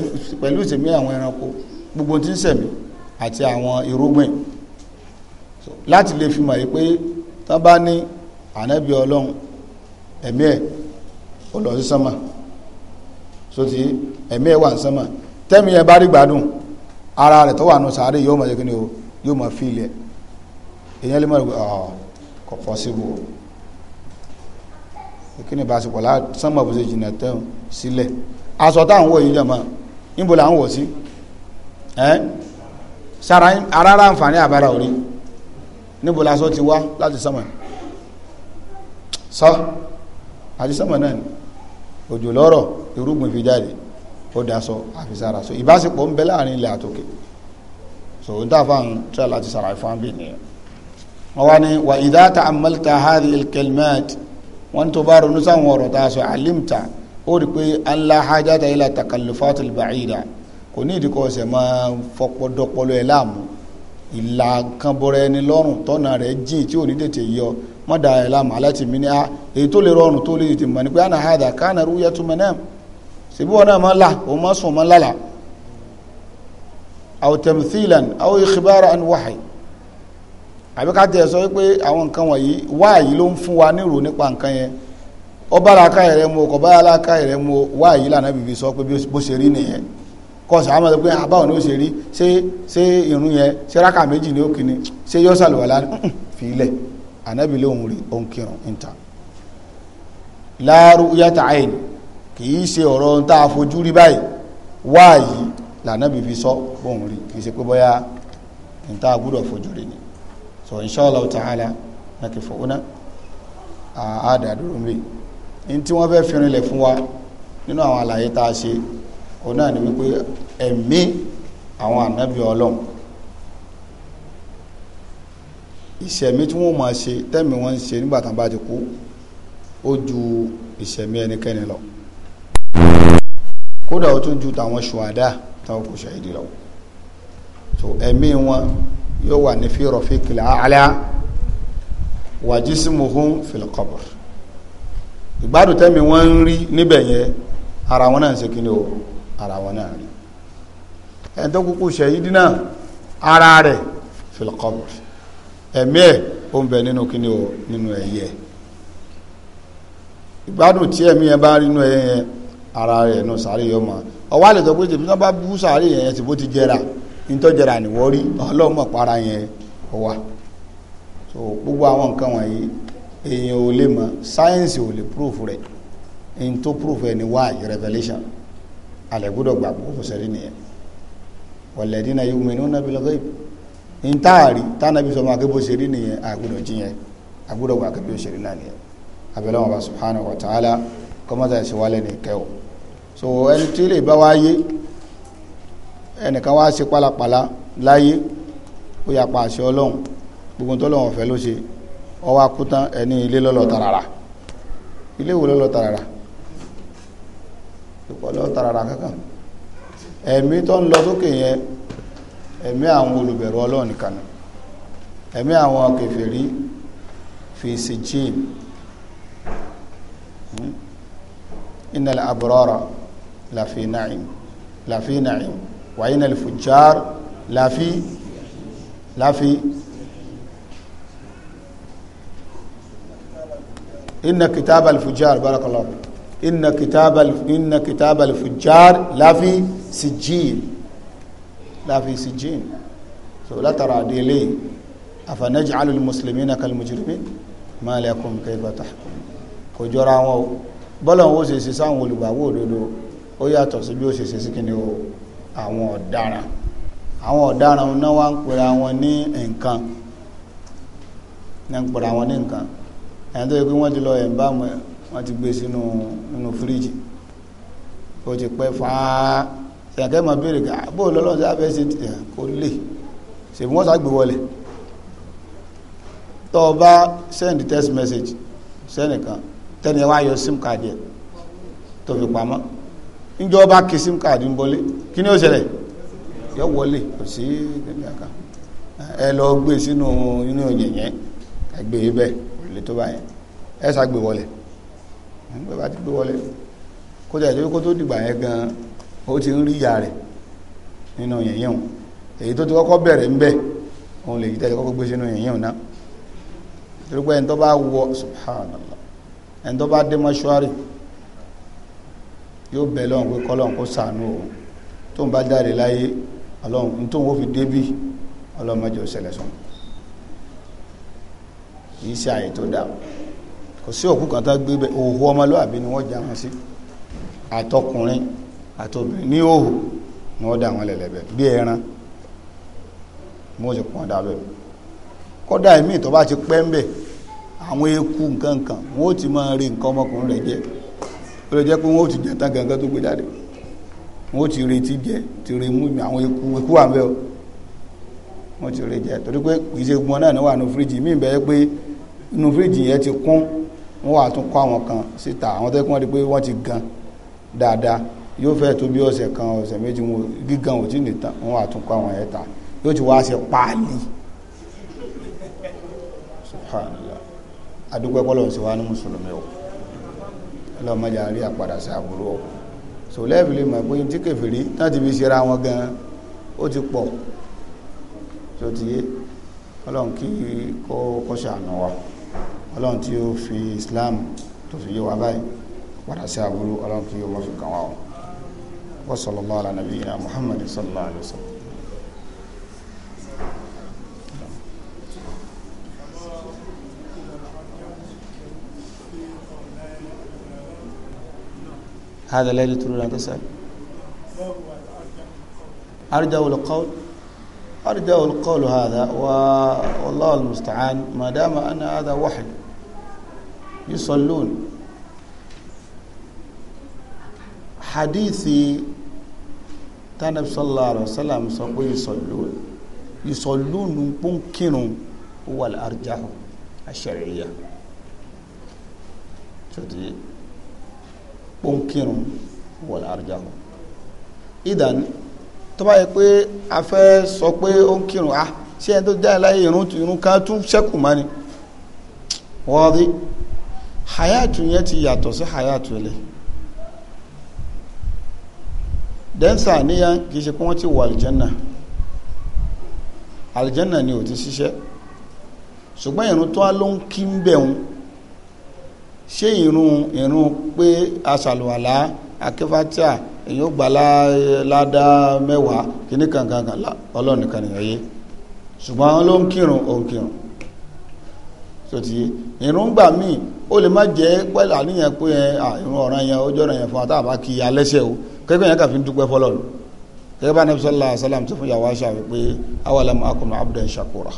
pẹ̀lú ìṣẹ̀mí àwọn ẹranko gbogbo tí ń ṣẹ̀mí àti àwọn irúgbìn láti lè fi mọ̀ yìí pé tán bá ní ànábì ọlọ́run ẹ̀mí ẹ̀ ó lọ sí sánmà sóti ẹ̀mí ẹ̀ wà ní sánmà tẹ́mi ẹ̀ bá rí gbádùn ara rẹ̀ tó wà nù sàárè yóò mọ̀ jẹ́kí ni o yóò mọ̀ fi ilẹ̀ èyàn lè mọ̀ rẹ̀ ọ̀ ah, kò possible kí ni ìbáṣepọ̀ láti sánmà bó ṣe jìnà tẹ́hùn sílẹ̀ aṣọ táwọn wọ̀ yìí jẹ̀mọ́ níbo là ń wọ̀ sí ẹ́ sára ara àǹfààní àbára orí níbo lásán ti wá láti sánmà sá àti sánmà náà òjò lọ́rọ̀ irúgbìn fi jáde ó dasọ àfisára so ìbáṣepọ̀ ń bẹ láàrin ilẹ̀ àtòkè so n táfà ń tẹ́ láti sàrà ìfọ́n bí nìyẹn wọ́n wá ní wà ìdá ta amalta hadi ilkelmet wọ́n tó bá ronú sáwọn ọ̀rọ̀ tá a sọ alimta ó rí pé allah hajjata ila takallufatul ba'ida kò ní ìdíkọ̀ ọ̀sẹ̀ máa fọpọ́dọ́pọ́lọ́ ẹ̀ láàmú ìlà kan bọ̀rọ̀ ẹni lọ́rùn tọ́nà rẹ̀ jìn tí ò ní tètè yọ mọ́dà ẹ̀ lámà aláti mi ní a èyí tó lè rọrùn tó lè tètè mọ̀ ní pé àná àdà kánà rú yẹ túmọ̀ náà síbí wọn náà mọ́ là òun mọ́ sùn mọ́ lálà àwọn tẹ̀míthìlan àwọn ìkìbára ẹni wáhàí àbí ká tẹ̀ sọ pé àwọn nǹkan wọ̀nyí wáàyí ló ń fún wa nírò nípa nǹkan yẹn ọba làákàyè mu ọkọ̀ báyà kọsù àwọn ọmọdé pé àbá òní ó ṣe rí ṣé ṣé irun yẹn ṣé rákà méjì ní òkè ni ṣé yọ sàlùwàlá fi ilẹ̀ ànábì lóhùn rí òun kírun níta láàrú yàtà àyìn kì í ṣe ọ̀rọ̀ ohun tá a fojú rí báyìí wáàyí lànábì fi sọ bóhùn rí kì í ṣe pé bóyá níta gbúdọ̀ fojú rí ni so inshallah ta'ala nàkìfọ̀ ọ̀nà àádàá dúró mi ní tí wọ́n fẹ́ fi rinlẹ̀ fún wa nínú àwọn àlàyé tá a ṣe ona náà ni wípé ẹ̀mí àwọn ànábì ọlọ́run ìṣẹ̀mí tí wọ́n máa ṣe tẹ́mi wọ́n ń ṣe nígbà tán bá ti kú ó ju ìṣẹ̀mí ẹnikẹ́ni lọ kódà ó tún ju tàwọn ṣùwádà táwọn kò ṣàìdí lọ so ẹ̀mí wọn yóò wà ní fírọ̀ kìlà àlá wa jismuhum fil qabr ìgbádùn tẹ́mi wọ́n ń rí níbẹ̀ yẹn ara wọn náà ń ṣe kí ni o ara wọn náà rí ẹni tó kúkú ṣẹ̀yídì náà ara rẹ̀ filqabr ẹ̀mí ẹ̀ ó ń bẹ nínú kíní o nínú ẹ̀yẹ ìgbádùn tí ẹ̀mí yẹn bá rí nínú ẹ̀yẹ yẹn ara rẹ̀ nù sáré yọ mọ́ ọwọ́ àlejò pé tèmi náà bá bú sáré yẹn tí bó ti jẹra nítọ́jẹra nìwọ́ rí ọlọ́mọ para yẹn wà so gbogbo àwọn nǹkan wọ̀nyí èèyàn ò lè mọ̀ sáyẹ́nsì ò lè proof rẹ̀ èyí tó proof ẹ̀ ní wáyé revelation alẹ́ gbọ́dọ̀ gbà kó kò sẹ́rí nìyẹn walladina yu'minuna bil ghaib ní táàrí tánàbí sọmọ akébó sẹ́rí nìyẹn àgbọ́dọ̀ jiyẹn àgbọ́dọ̀ gbà kébí sẹ́rí náà nìyẹn abẹ́lẹ́ wọn bá subhanahu wa ta'ala kọ́mọ́tà ìṣèwálẹ̀ ní kẹ́wọ̀ so ẹni tí lè bá wáyé ẹnìkan wá ṣe pálapàla láyé ó yà pa àṣẹ ọlọ́run gbogbo tó lọ́wọ́ fẹ́ ló ṣe ọwọ́ akútán ẹni ilé lọ́lọ́ tàràrà ilé wo lọ́lọ́ tàràrà kọ́ lọ tarara kankan ẹ̀mí tó ń lọ sókè yẹn ẹ̀mí àwọn olùbẹ̀rù ọlọ́run nìkan ni ẹ̀mí àwọn kèfèrí fèsì jíìn hmm? innal abrara lafi na'im lafi na'im wa innal fujjar lafi lafi inna kitab al-fujjar barakallahu inna kitabal inna kitabal fujjar láfi sijil láfi sijil so látara àdélé afanaj'alu al-muslimina kal-mujrimin ma lakum kayfa tahkum kò jọra wọn o bọ́lọ̀ wo ṣe ṣe sáwọn olùgbàwó òdodo ó yàtọ̀ sí bí ó ṣe ṣe sí kíni o àwọn ọ̀daràn àwọn ọ̀daràn náà wá ń pera wọn ní nǹkan náà ń pera wọn ní nǹkan ẹ̀yìn tó yẹ pé wọ́n ti lọ ẹ̀ ń bá wọn wọ́n ti gbé sínú nínú fíríjì ó ti pẹ́ fáá ṣàkẹ́ mọ̀ béèrè gà ah, bó lọ́lọ́run sí abẹ́ sí kò lè ṣèbí wọ́n sàgbé wọlé tó o bá send text message sẹ́nìkan tẹ́ni ẹ wá yọ sim card yẹ tó fi pamọ́ níjọ́ bá kí sim card ń bọ́lé kí ni ó ṣẹlẹ̀ yọ wọlé kò sí níbi àká ẹ lọ gbé sínú inú yẹ̀yẹ́ ẹgbẹ́ e bẹ́ẹ̀ lè tó báyẹn ẹ sàgbé wọlé nígbà bá ti gbé wọlé kódà ìjọba kó tó dìgbà yẹn gan ó ti ń rí ìyá rẹ̀ nínú yẹ̀yẹ̀ wọn èyí tó ti kọ́kọ́ bẹ̀rẹ̀ ń bẹ̀ òun lè yí tẹ́lẹ̀ kọ́kọ́ gbé sínú yẹ̀yẹ̀ wọn náà torí ẹni tó bá wọ subhanallah ẹni tó bá dé mọ́ṣúárì yóò bẹ̀ lọ́hùn pé kọ́lọ́hùn kó sànú òun tóun bá jáde láyé ọlọ́run tóun ó fi débì ọlọ́mọdé ò ṣẹlẹ̀ sùn kì í ṣe àyè tó dáa kò sí òkú kan tá gbé bẹ òhù ọmọlúwàbí ni wọ́n já wọn sí àtọkùnrin àtobìnrin ní òhù ni wọ́n dá wọn lẹ̀lẹ̀bẹ̀ bí ẹran mo sì pọn dábẹ̀ kódà ìmí tó bá ti pẹ́ ń bẹ̀ àwọn eku nǹkan kan wọn ó ti máa rí nǹkan ọmọkùnrin rẹ̀ jẹ ó lè jẹ́ pé wọn ó ti jẹ tán gangan tó gbé jáde wọn ó ti retí jẹ ti rí mú àwọn eku eku wà ń o wọn ti rí jẹ torí pé kì í ṣe gbọn náà ní wà nù fíríjì mí bẹ́ẹ̀ pé inú fíríjì yẹn ti kún wọ́n wà tún kọ́ àwọn kan síta àwọn tó kún rí pé wọ́n ti gan dáadáa yóò fẹ́ tó bí ọ̀sẹ̀ kan ọ̀sẹ̀ méjì wọn gígan ò tí ì tán wọ́n wà tún kọ́ àwọn ẹ̀ta yóò ti wá ṣe páàlì subhanallah adúgbò ẹ̀kọ́ lọ́wọ́ sí wa ní mùsùlùmí o ọlọ́run má jẹ́ àrí àpadà sí àbúrò o so lẹ́ẹ̀fìlì mọ̀ pé tí kẹfìrí náà ti fi ṣera wọn gan ó ti pọ̀ so ti yé ọlọ́run kí kó kó ṣàánú wa. ọlọ́run tí ó fi islam tó fi yí wa báyìí padà sí aburú ọlọ́run kí ó wọ́n fi kàn wá o wa sallallahu ala nabiyyina muhammad sallallahu alaihi wasallam. هذا الذي تريد أن تسأل أرجو القول أرجو القول هذا والله المستعان ما دام أن هذا وحي yusallun hadithi tanabi sallallahu alaihi wasallam sọ pé yusallun yusallun pọ́nkírun wal arjahu ash-shar'iyya sọtí pọ́nkírun wal arjahu ìdán tó bá yẹ pé a fẹ́ sọ pé ó ń kírun ah ṣé ẹni tó jáde láyé irun kan tún ṣẹ́kù mọ́ ni wọ́n rí hayatu yẹn ti yàtọ̀ sí hayatu ilẹ̀ dẹ́nsà níyàn kìí ṣe pé wọ́n ti wọ aljanna aljanna ni ò ti ṣiṣẹ́ ṣùgbọ́n ìrun tó á ló ń kí ń bẹ̀hún ṣé ìrun ìrun pé aṣàlùwàlá akẹfàtíà èyàn gbà ládá mẹ́wàá kìíní kankan ọlọ́ọ̀nìkan nìyẹn yé ṣùgbọ́n ló ń kírun òun kírun tó ti yé ìrúngbà míì ó lè má jẹ́ pẹ́lú àníyàn pé ìrún ọ̀ràn yẹn ó jọ́ràn yẹn fún wa táàbá kí alẹ́sẹ̀ o kẹ́kọ̀ọ́ yẹn kàfi ń dúpẹ́ fọlọ́lù gẹ́gẹ́ bá nàbí sọ́lá sálàm tó fún yàwó aṣá wípé awàlẹ̀ mọ́ akọ̀nà abdul shakura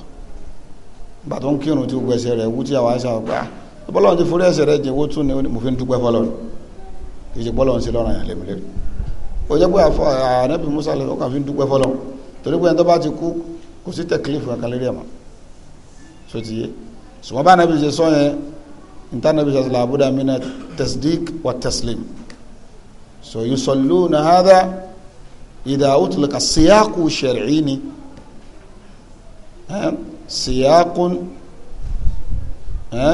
bá tó ń kírun tí ó gbẹ̀sẹ̀ rẹ̀ wú tí yàwó aṣá wípé ah bọ́lọ́run ti forí ẹ̀ṣẹ̀ rẹ̀ jẹ́ wó tún ni mo fi ń dúpẹ́ fọlọ́lù kì í ṣe bọ́lọ́run sí lọ́ràn yàn lẹ́mìlẹ́rì ó jẹ́ سواء نبي جسوني إن نبي جسوني لابد من التصديق والتسليم سو يصلون هذا اذا اطلق السياق الشرعيني سياق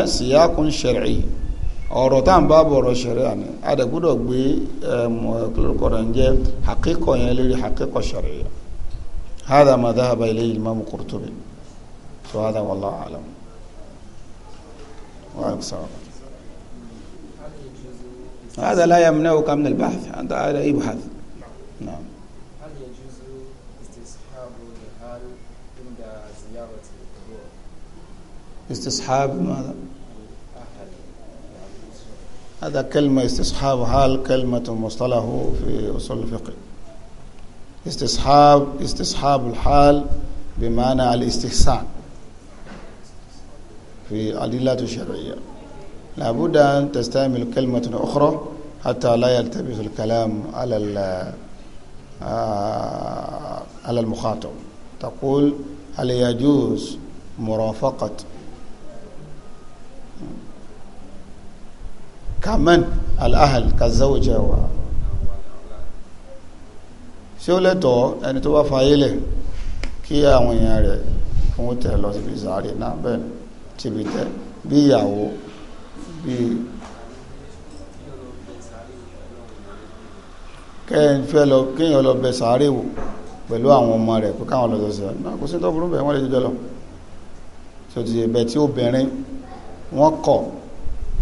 سياق شرعي او رتان باب ورو شرعي هذا كله بي كلو حقيقه يعني حقيقه شرعيه هذا ما ذهب اليه الامام القرطبي فهذا والله اعلم هذا لا يمنعك من البحث أنت على بحث نعم هل يجوز استصحاب الحال عند زيارة القبور؟ استصحاب ماذا؟ هذا كلمة استصحاب حال كلمة مصطلح في أصول الفقه استصحاب استصحاب الحال بمعنى الاستحسان في أدلة شرعية لابد أن تستعمل كلمة أخرى حتى لا يلتبس الكلام على آه، على المخاطب تقول هل يجوز مرافقة كمن الأهل كالزوجة و شو ó lẹ́tọ̀ọ́ ẹni tó bá fayé lẹ̀ kí àwọn èèyàn rẹ̀ fún síbi tẹ bí ìyàwó bí kẹ́ẹ̀fẹ́ lọ kéèyàn lọ bẹ sàárè wò pẹ̀lú àwọn ọmọ rẹ̀ pé káwọn lọ́dọ̀ sí náà kò sí tó burú bẹ̀ wọ́n lè jọjọ lọ tí ó ti ṣe bẹ̀ tí obìnrin wọ́n kọ̀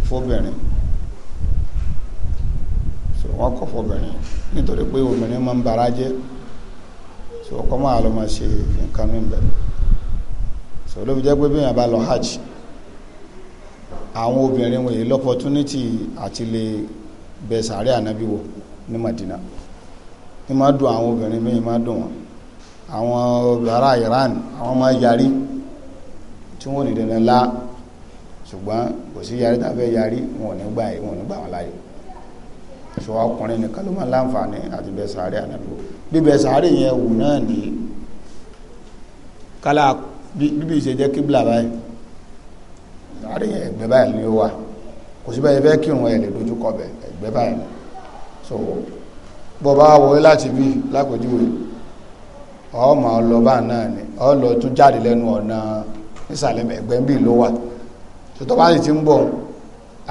fóbìnrin wọ́n kọ̀ fóbìnrin nítorí pé obìnrin máa ń bara jẹ́ tí máa lọ máa ṣe nǹkan mímbẹ̀ so ló fi jẹ́ pé bí èèyàn bá lọ hajj àwọn obìnrin wọ̀nyí lọ́pọ̀túnítì àti lè bẹ sàárẹ̀ ànábì wò ní Madina ní máa dùn àwọn obìnrin mí máa dùn wọn àwọn ará Iran àwọn máa yarí tí wọ́n ní dandan lá ṣùgbọ́n kò sí yarí tàbí yarí wọn ò ní gbà wọn ò ní gbà wọn láyé ṣọ ọkùnrin nìkan ló máa láǹfààní àti bẹ sàárẹ̀ ànábì wò bí bẹ sàárẹ̀ yẹn wù náà nìyí kálá bíbí ìṣe kíbla báyìí àárín ẹ̀gbẹ́ báyìí ni ó wà kò sí báyìí báyìí ni so wọlé láti bí lápèjúwe ọmọ náà ni tún jáde lẹ́nu ọ̀nà nísàlẹ̀ ti ń bọ̀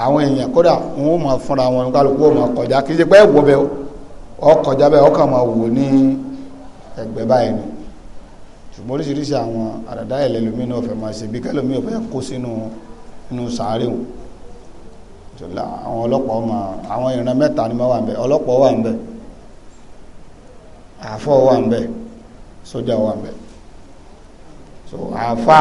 àwọn èèyàn kódà wọn ó máa fúnra wọn kálukú kọjá kì í ṣe pé ọ kọjá ọkàn máa wò ní báyìí ni ṣùgbọ́n oríṣiríṣi àwọn àdàdá ẹ̀lẹ́lómi náà fẹ́ máa ṣe bí nínú sàárè wọn àwọn ọlọ́pàá ọmọ àwọn ìran mẹ́ta ni wọ́n wà ń bẹ ọlọ́pàá wà ń bẹ àfọ́ wà ń bẹ sójà wà ń bẹ so àfà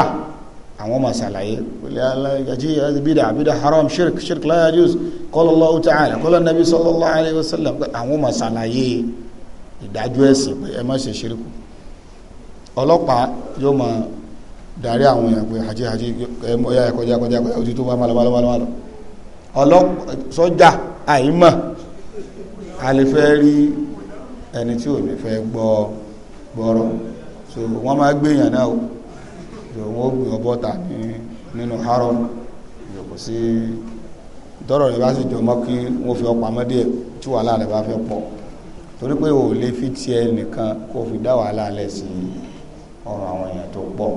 àwọn ọmọ sàlàyé pẹ̀lú aláìgàjí bídà bídà haram shirk shirk la yajuz qala Allahu ta'ala qala nabi sallallahu alayhi wa sallam àwọn ọmọ sàlàyé ìdájọ́ ẹ̀sìn pé ẹ má ṣe ṣirku ọlọ́pàá yóò máa Dari àwọn èèyàn pé hajj hajj ẹmọ́yá ẹ̀kọjá ẹ̀kọjá ẹ̀kọjá òtítọ́ wà málọ̀málọ̀málọ̀ ọlọ́sọ́jà àìmọ̀ a lè fẹ́ rí ẹni tí ò ní fẹ́ gbọ́ gbọ́rọ̀ so wọ́n máa gbéyàn náà so wọ́n gbé ọbọ̀ta nínú harọ yòókù sí tọ́rọ̀ rẹ̀ bá sì jọ mọ́ kí wọ́n fi ọpa mọ́ díẹ̀ tí wàhálà rẹ̀ bá fẹ́ pọ̀ torí pé ò lè fi tiẹ̀ nìkan kó fi dá wàhálà lẹ̀ sí ọrùn àwọn èèyàn tó pọ̀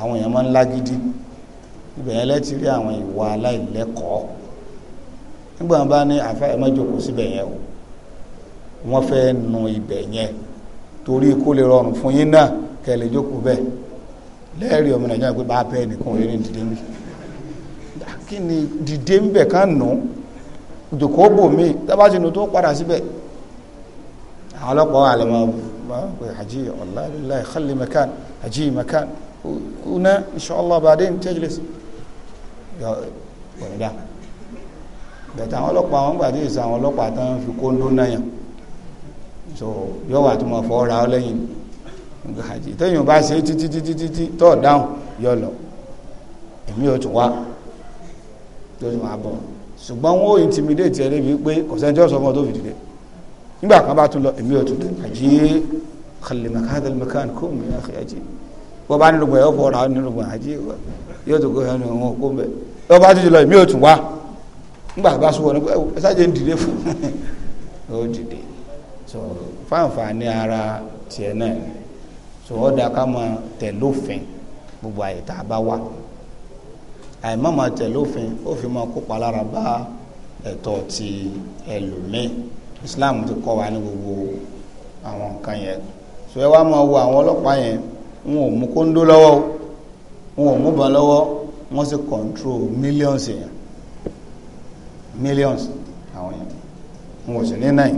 àwọn èèyàn máa ń lágídí ibẹ̀ yẹn lẹ́tí rí àwọn ìwà aláìlẹ́kọ̀ọ́ nígbà wọn bá ní àfáà má jókòó síbẹ̀ yẹn o wọ́n fẹ́ nu ibẹ̀ yẹn torí kó lè rọrùn fún yín náà kẹ́ lè jókòó bẹ́ẹ̀ lẹ́ẹ̀rí ọmọ nàìjíríà pé bá bẹ́ẹ̀ nìkan òye ní dìde mi kí ni dìde ń bẹ̀ ká nù jòkó bò mí tábà tí nu tó padà síbẹ̀ àwọn ọlọ́pàá àlẹ́ máa ń àjí ọ̀la ìlà àjí mẹ́kàn هنا إن شاء الله بعدين تجلس يا ولدا bẹ̀tẹ̀ àwọn ọlọ́pàá wọn gbàdí ìsọ àwọn ọlọ́pàá tán fi kóńdó so yóò wà tó mọ̀ fọ́ ra ọ lẹ́yìn nǹkan àjẹ tẹ́yìn bá ṣe títí títí títí tọ́ dáhùn yọ lọ èmi ò tún wá tó tún wá bọ̀ ṣùgbọ́n wọn ò intimidate ẹ lébi pé kò sẹ́ni tí wọ́n sọ fún ọ tó fi dìde nígbà kan bá tún lọ èmi ò tún dé àjẹ́ kàlẹ́ mẹ́kàdàlẹ́ mẹ́kàdàlẹ́ kó mi àjẹ́ wọ́n bá nílùú gbọ̀n yóò fọ́ ra nílùú àti yóò tó kó ẹnu wọn kó mbẹ wọ́n bá tún jù lọ èmi ò tún wá nígbà bá sún wọn ẹ sáàjẹ́ ń dìde fún ó dìde so fáǹfààní ara tiẹ̀ náà so ó dáa ká máa tẹ̀lófin gbogbo àyè tá a bá wà àìmọ́ máa tẹ̀lófin ó fi máa kópa lára bá ẹ̀tọ́ ti ẹlòmíì Islam ti kọ́ wa ní gbogbo àwọn nǹkan yẹn so ẹ wá máa wo àwọn ọlọ́pàá yẹn wọn ò mú kóńdó lọ́wọ́ wọn ò mú bàn lọ́wọ́ wọ́n sì control millions èèyàn millions àwọn èèyàn wọn ò sì ní náà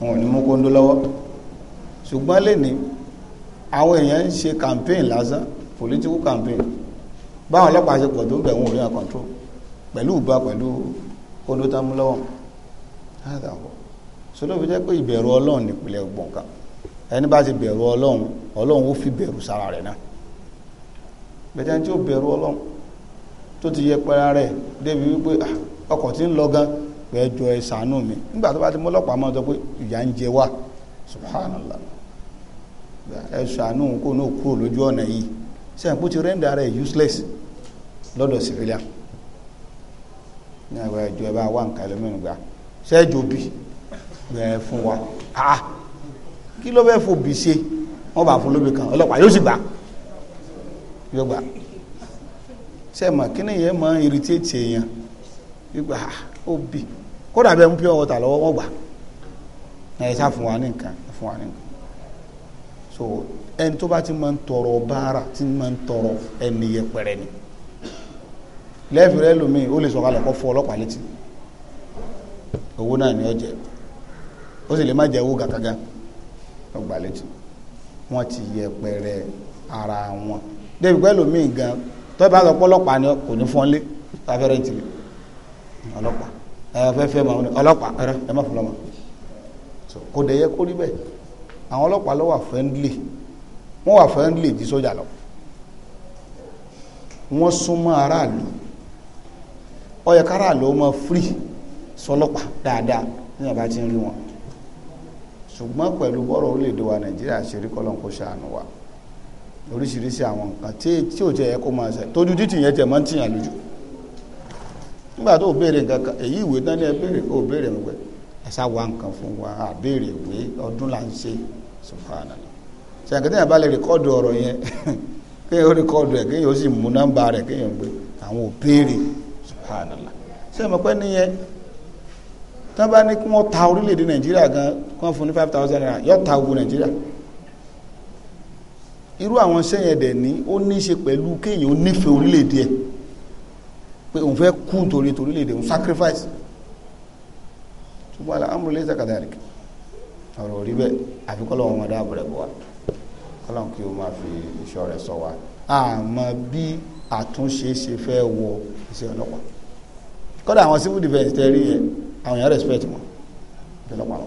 wọn ò ní mú kóńdó lọ́wọ́ ṣùgbọ́n lẹ́ni àwọn èèyàn ń ṣe campaign lásán political campaign báwọn ọlọ́pàá ṣe pọ̀ tó ń bẹ̀ wọn ò rí wọn control pẹ̀lú ìgbà pẹ̀lú kóńdó tá mú lọ́wọ́ sọlọ́ọ̀ fi jẹ́ pé ìbẹ̀rù ọlọ́run nípìnlẹ̀ gbọ̀ǹkan ẹni bá ti bẹ̀rù ọlọ́run ọlọ́run ó fi bẹ̀rù sára rẹ̀ náà bẹ̀tẹ̀ tí ó bẹ̀rù ọlọ́run tó ti yẹ pẹ́ra rẹ̀ débi wípé ah, ọkọ̀ tí ń lọ gan pẹ́jọ ẹ mi nígbà tó bá ti mọ́lọ́pàá mọ́ sọ pé ìyà ń jẹ wá subhanallah ẹ kó náà kúrò lójú ọ̀nà yìí rẹ̀ useless lọ́dọ̀ ní ẹ bá wà nǹkan fún wa ah, wọ́n bá fún lóbi kan ọlọ́pàá yóò sì gbà yóò gbà ṣe mọ̀ kí ni yẹn mọ̀ irritate èèyàn gbígbà ah, ó bì kódà bẹ́ẹ̀ mú pure water lọ́wọ́ wọ́n gbà ẹ̀ ṣá fún wa ní nǹkan fún wa ní nǹkan so ẹni tó bá ti máa ń tọrọ báárà tí máa ń tọrọ ẹni yẹpẹrẹ ni lẹ́ẹ̀fì rẹ ó lè sọ̀kalẹ̀ kọ́ fọ ọlọ́pàá létí owó náà ni ó jẹ ó sì lè má jẹ owó gàgàgà ọgbà létí wọ́n ti yẹpẹrẹ ara wọn débi pẹ́ lómìn gan tó bá sọ pọ́lọ́pàá ni kò ní fọ́nlé tábẹ́rẹ́ ti ọlọ́pàá ẹ fẹ́ fẹ́ mọ̀ ọlọ́pàá ẹ má fún lọ́mọ kò dẹ̀ yẹ kó rí bẹ́ẹ̀ àwọn ọlọ́pàá ló wà friendly wọ́n wà friendly di sójà lọ wọ́n súnmọ́ aráàlú ó yẹ káràlú ó mọ free sọlọ́pàá dáadáa ní ọba tí ń rí wọn ṣùgbọ́n pẹ̀lú bọ́rọ̀ orílẹ̀-èdè wa nàìjíríà ṣe rí kọ́lọ́n kó ṣàánú wa oríṣiríṣi àwọn nǹkan tí ò jẹ́ ẹ̀kọ́ máa ṣe tójú títì yẹn jẹ̀ máa ń tìyàn lójú nígbà tó béèrè nǹkan kan èyí ìwé tán ní ẹ béèrè ó béèrè mi pẹ́ ẹ sá wa nǹkan fún wa à béèrè ìwé ọdún là ń ṣe subhanallah ṣàǹkìtì yẹn bá lè rìkọ́ọ̀dù ọ̀rọ̀ yẹn kéèyàn ó rìkọ́ọ̀dù ẹ̀ kéèyàn ó sì mú nọ́mbà rẹ̀ kéèyàn gbé àwọn ò béèrè subhanallah mọ̀ pé níyẹn tán bá ní kí wọ́n ta orílẹ̀-èdè nàìjíríà gan kán fún ní five thousand naira yóò ta gbogbo nàìjíríà irú àwọn iṣẹ́ yẹn dẹ̀ ní ó ní í ṣe pẹ̀lú kéèyàn ó nífẹ̀ẹ́ orílẹ̀-èdè ẹ̀ pé òun fẹ́ kú torí torílẹ̀-èdè òun sacrifice ṣùgbọ́n àlà amúlẹ̀ lẹ́sẹ̀ kàdàrí ọ̀rọ̀ rí bẹ́ẹ̀ àfi kọ́lọ́ wọn dáàbò rẹ̀ bọ̀ wá kọ́lọ́ kí o máa fi iṣẹ́ rẹ̀ sọ wá àmọ́ bí àtúnṣe ṣe fẹ́ wọ iṣẹ́ ọlọ́pàá kọ́dà àwọn civil defence tẹ́ rí yẹn àwọn èèyàn respect wọn jọlọpàá lọ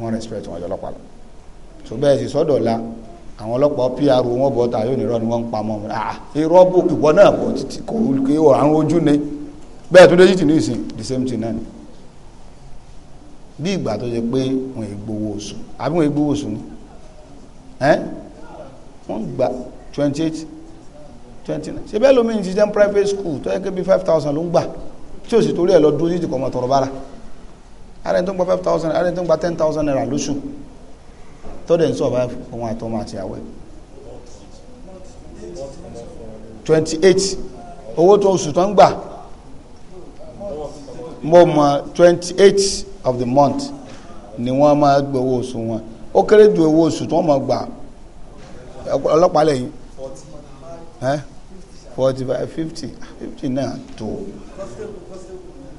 wọn respect wọn jọlọpàá lọ ṣùgbọ́n ẹ̀sìn sọ́dọ̀ la àwọn ọlọ́pàá pr wọn bọ̀ ta yóò nírọ̀ ni wọ́n ń pamọ́ wọn ah, ah irọ́ bò ìwọ náà bọ̀ títí kò kí wọ́n àrùn ojú ni bẹ́ẹ̀ tó dé yìí tì ní ìsìn the same thing náà ni bí ìgbà tó yẹ pé wọn è gbowó oṣù àbí wọn è gbowó oṣù ni ẹ́n wọ́n gba twenty eight twenty nine ṣe bẹ́ẹ̀ lómi ní ti jẹ́ private school tó yẹ kí bí five thousand ló ń gbà tí o sì torí ẹ̀ lọ dúró títí kọ́ ọmọ tọrọ bára ara ẹni tó ń gba five thousand ara ẹni tó ń gba ten thousand naira lóṣù tó ń sọ báyìí àtọmọ àti àwẹ̀ twenty eight owó tó oṣù tó ń gbà mo mọ twenty eight of the month ni wọ́n máa gbowó oṣù wọn ó kéré ju owó oṣù tó máa gbà ọlọ́pàá lẹ́yìn forty five fifty fifty náà tó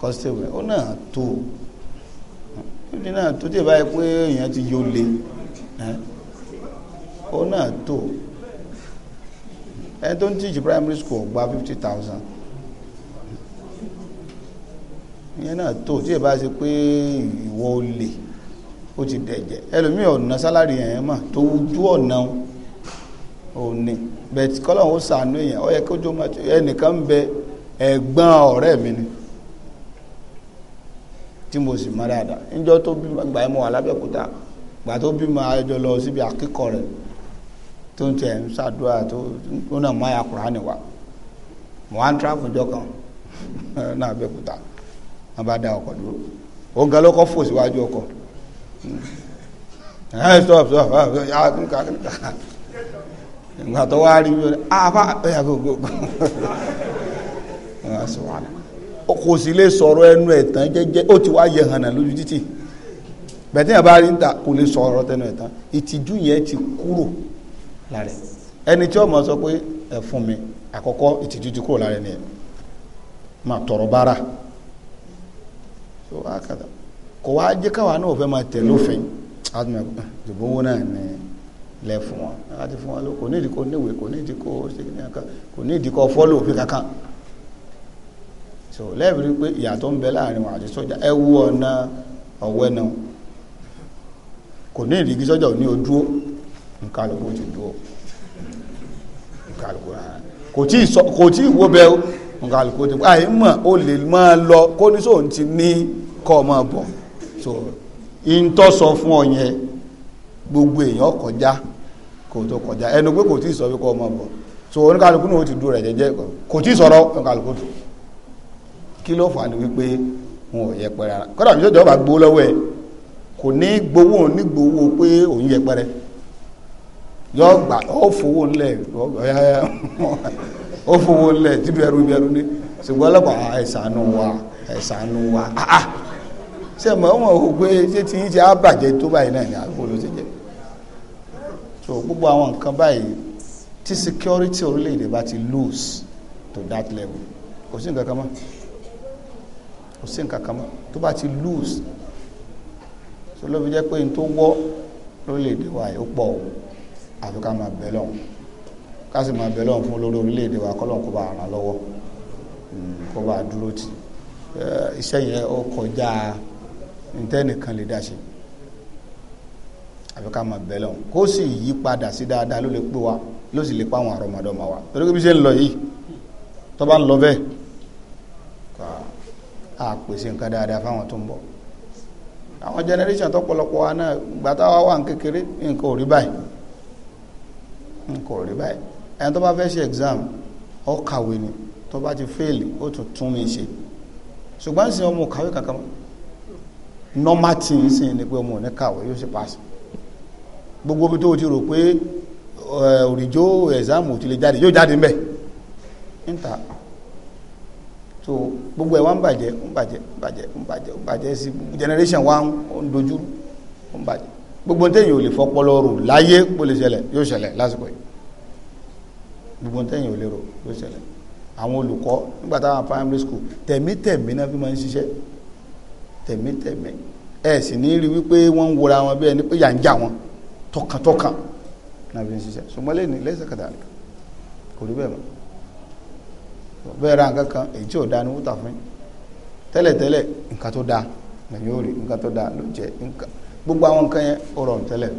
costume ó náà tó ó ní náà tó dé báyìí pé èèyàn ti yó le ó náà tó ẹni tó ń tíjì primary school gba fifty thousand ìyẹn náà tó tí ẹ bá ṣe pé ìwọ ó lè ó ti dẹ̀jẹ̀ ẹlòmíì ọ̀nà sálárì yẹn mà tó ojú ọ̀nà ò ní bẹ̀tì kọ́lọ̀ ó sànú èèyàn ó yẹ kó jó ẹnìkan ń bẹ ẹ̀gbọ́n ọ̀rẹ́ mi ni tí mo sì mọ dáadáa níjọ́ tó bí gbà ẹ́ mọ́ wà lábẹ́òkúta gbà tó bí máa jọ lọ síbi àkíkọ̀ rẹ̀ tó ń tẹ̀ ń ṣàdúrà tó ó náà máa ya kùránì wa mo wá ń tíráfù jọ kan náà abẹ́òkúta wọn bá dá ọkọ̀ dúró ó ga lọ́kọ́ fò síwájú ọkọ̀ ẹ̀ stop stop yà á kíkà kíkà ìgbà tó wá rí mi ah, ó ní àfa ẹ̀yà gbogbo. Subhanallah. kò sì lè sọ̀rọ̀ ẹnu ẹ̀ tán jẹ́jẹ́ ó ti wá yẹ lójú títì bá rí kò lè sọ̀rọ̀ tẹnu ẹ̀ ìtìjú yẹn ti kúrò ẹni tí ọmọ sọ pé ẹ fún mi àkọ́kọ́ ìtìjú ti kúrò lára máa tọrọ bára kò wá jẹ́ káwa náà fẹ́ máa tẹ̀ lófin ah, náà ni lẹ fún wọn láti fún wọn kò ní níwèé so lẹ́ẹ̀bìrí pé ìyàtọ̀ ń bẹ láàrin wọn àti sọ́jà ẹ wú ọ̀nà ọ̀wẹ́ náà kò ní ìdígi sọ́jà ò ní o dúó nkálukú ti dúó nkálukú rárá kò tí ìwó bẹ nkálukú ti àyè mọ̀ o lè máa lọ kó ní sóun ti ní kọ́ ọmọ bọ̀ so ìntọ́ sọ fún ọ yẹn gbogbo èèyàn kọjá kò tó kọjá ẹnu pé kò tí ì sọ kọ́ ọmọ bọ̀ so oníkálukú náà ó ti dúró rẹ̀ jẹ́jẹ́ kò tí ì sọ̀rọ̀ tó kí ló fà ní wípé wọn ò yẹpẹrẹ ara kọ́dà mi jọjọ́ bá gbowó lọ́wọ́ ẹ̀ kò ní gbowó ní gbowó pé òun yẹpẹrẹ yọ gbà ó fowó ńlẹ̀ ó fowó ńlẹ̀ tí bẹ̀rù bẹ̀rù ní ṣùgbọ́n ọlọ́pàá ah, ẹ̀sánú wa ẹ̀sánú wa ah, ah. ṣe mọ̀ ọ́n ò pé ṣé tí ń ṣe á bàjẹ́ tó báyìí náà ni àgbo ló ṣe jẹ́ so gbogbo àwọn nǹkan báyìí tí security orílẹ̀-èdè bá ti lose to that level kò sí nǹkan kan mọ́ kò sí nǹkan kan mọ́ tó bá ti lose tó ló fi jẹ́ pé n tó wọ́ lórílẹ̀‐èdè wa yìí ó pọ̀ o àfi ká máa bẹ̀ lọ́hùn ká sì máa bẹ̀ lọ́hùn fún olórí orílẹ̀‐èdè wa kọ́lọ́n kó bá ràn lọ́wọ́ hmm, kó bá dúró tì eh, iṣẹ́ yẹn ó kọjá ntẹ́nìkan lè dá ṣe àfi ká máa bẹ̀ lọ́hùn kó sì yí padà sí dáadáa ló lè pé wa ló sì lè pa àwọn àrọ̀mọdọ́mọ wa torí kí bí ṣe ń lọ yìí tó bá ń lọ bẹ́ẹ̀ a pèsè nǹkan dáadáa fáwọn tó ń bọ̀ àwọn generation tó pọ̀lọpọ̀ wa náà gbàtà wa wà ń kékeré nǹkan ò rí báyìí nǹkan ò rí báyìí ẹni tó bá fẹ́ ṣe exam ó kàwé ni tó bá ti fẹ́ẹ̀lì ó tún tún mi ṣe ṣùgbọ́n sì ọmọ kàwé kankan normal thing sì ni pé ọmọ ò ní kàwé yóò ṣe pass gbogbo bí tó o ti rò pé òrìjó exam ò ti lè jáde yóò jáde mbẹ níta so gbogbo ẹ̀ wá ń bàjẹ́ ń bàjẹ́ ń bàjẹ́ ń bàjẹ́ ń bàjẹ́ sí generation wa ń dojú ń bàjẹ́ gbogbo ntẹ́yìn ò lè fọpọlọ rò láyé kó lè ṣẹlẹ̀ yóò ṣẹlẹ̀ lásìkò yìí gbogbo ntẹ́yìn ò lè rò yóò ṣẹlẹ̀ àwọn olùkọ́ nígbà táwọn primary school tẹ̀mítẹ̀mí náà fi máa ń ṣiṣẹ́ tẹ̀mítẹ̀mí ẹ̀ sì ní rí wípé wọ́n ń wora wọn bí ẹni pé yà ń jà wọn tọkàntọkàn náà fi ń ṣiṣẹ́ ṣùgbọ́n lẹ́sẹ̀ kò rí bẹ́ẹ̀ mọ́ bẹ́ẹ̀ ra nǹkan kan èyí tí ò da ni wọ́n fún tẹ́lẹ̀tẹ́lẹ̀ nǹkan tó da lẹ́yìn ó rí nǹkan tó da ló jẹ́ nǹkan gbogbo àwọn nǹkan yẹn ó rọrùn tẹ́lẹ̀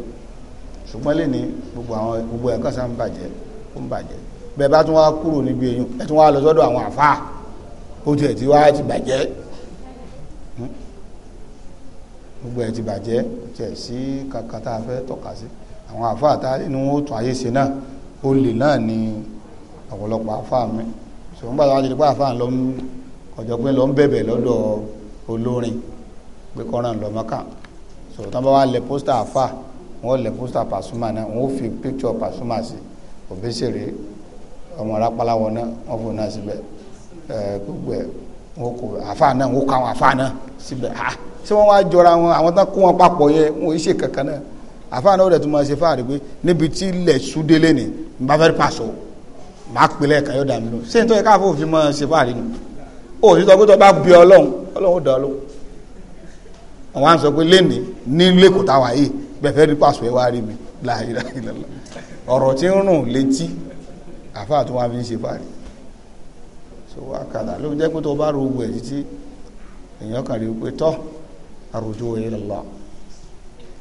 ṣùgbọ́n lè ní gbogbo àwọn gbogbo ẹ̀kan sá ń bàjẹ́ ó ń bàjẹ́ bẹ́ẹ̀ bá tún wá kúrò níbi eyín ẹ̀ tún wá lọ sọ́dọ̀ àwọn àfa ó tiẹ̀ ti wá ti bàjẹ́ hmm? gbogbo ẹ̀ ti bàjẹ́ tiẹ̀ sí kankan tá a fẹ́ tọ́ka sí àwọn àfa àtàlẹ́ ni wọ́n tún ayé ṣe náà ó lè náà ní ọ̀pọ̀lọpọ̀ àfa mi sòun gbàdúrà ti di pé àfáà lọ ń ọ̀jọ̀gbọ́n lọ ń bẹ̀bẹ̀ lọ́dọ̀ olórin pé kọ́ran lọ mọ́kà sòun tán bá wà lẹ pósítà àfáà wọ́n lẹ pósítà pàṣùmà náà wọ́n fi píkṣọ pàṣùmà sí òbẹ́sẹ̀rẹ̀ ọmọ rápáláwọ náà wọ́n fò náà síbẹ̀ gbogbo ẹ̀ wọ́n kò àfáà náà wọ́n kọ àwọn àfáà náà síbẹ̀ ah ṣé wọ́n wá jọra wọn àwọn tán kó wọn papọ̀ yẹ wọn ò kankan náà àfáà náà ó dẹ̀ tún máa ṣe fáàrí pé níbi tí ilẹ̀ súdélé ni bá fẹ́ẹ́ pàṣọ máa pè lẹ́ẹ̀ka yóò dà mí lò ṣé n tó yẹ káfọ́ òfin mọ́ ṣe fáàrí nù ó sì sọ pé tó bá bí ọlọ́run ọlọ́run dà ọlọ́run àwọn à sọ pé lénìí ní lẹ́kọ̀ọ́ táwa yìí bẹ̀fẹ́ rí pàṣẹ wá rí mi láàyè láàyè ọ̀rọ̀ tí ń rùn létí àfáà tó wá fi ń ṣe fáàrí so wá kàdà ló jẹ́ pé tó bá ro ogun ẹ̀ títí èèyàn kàn rí pé tọ́ àròjọ ila Allah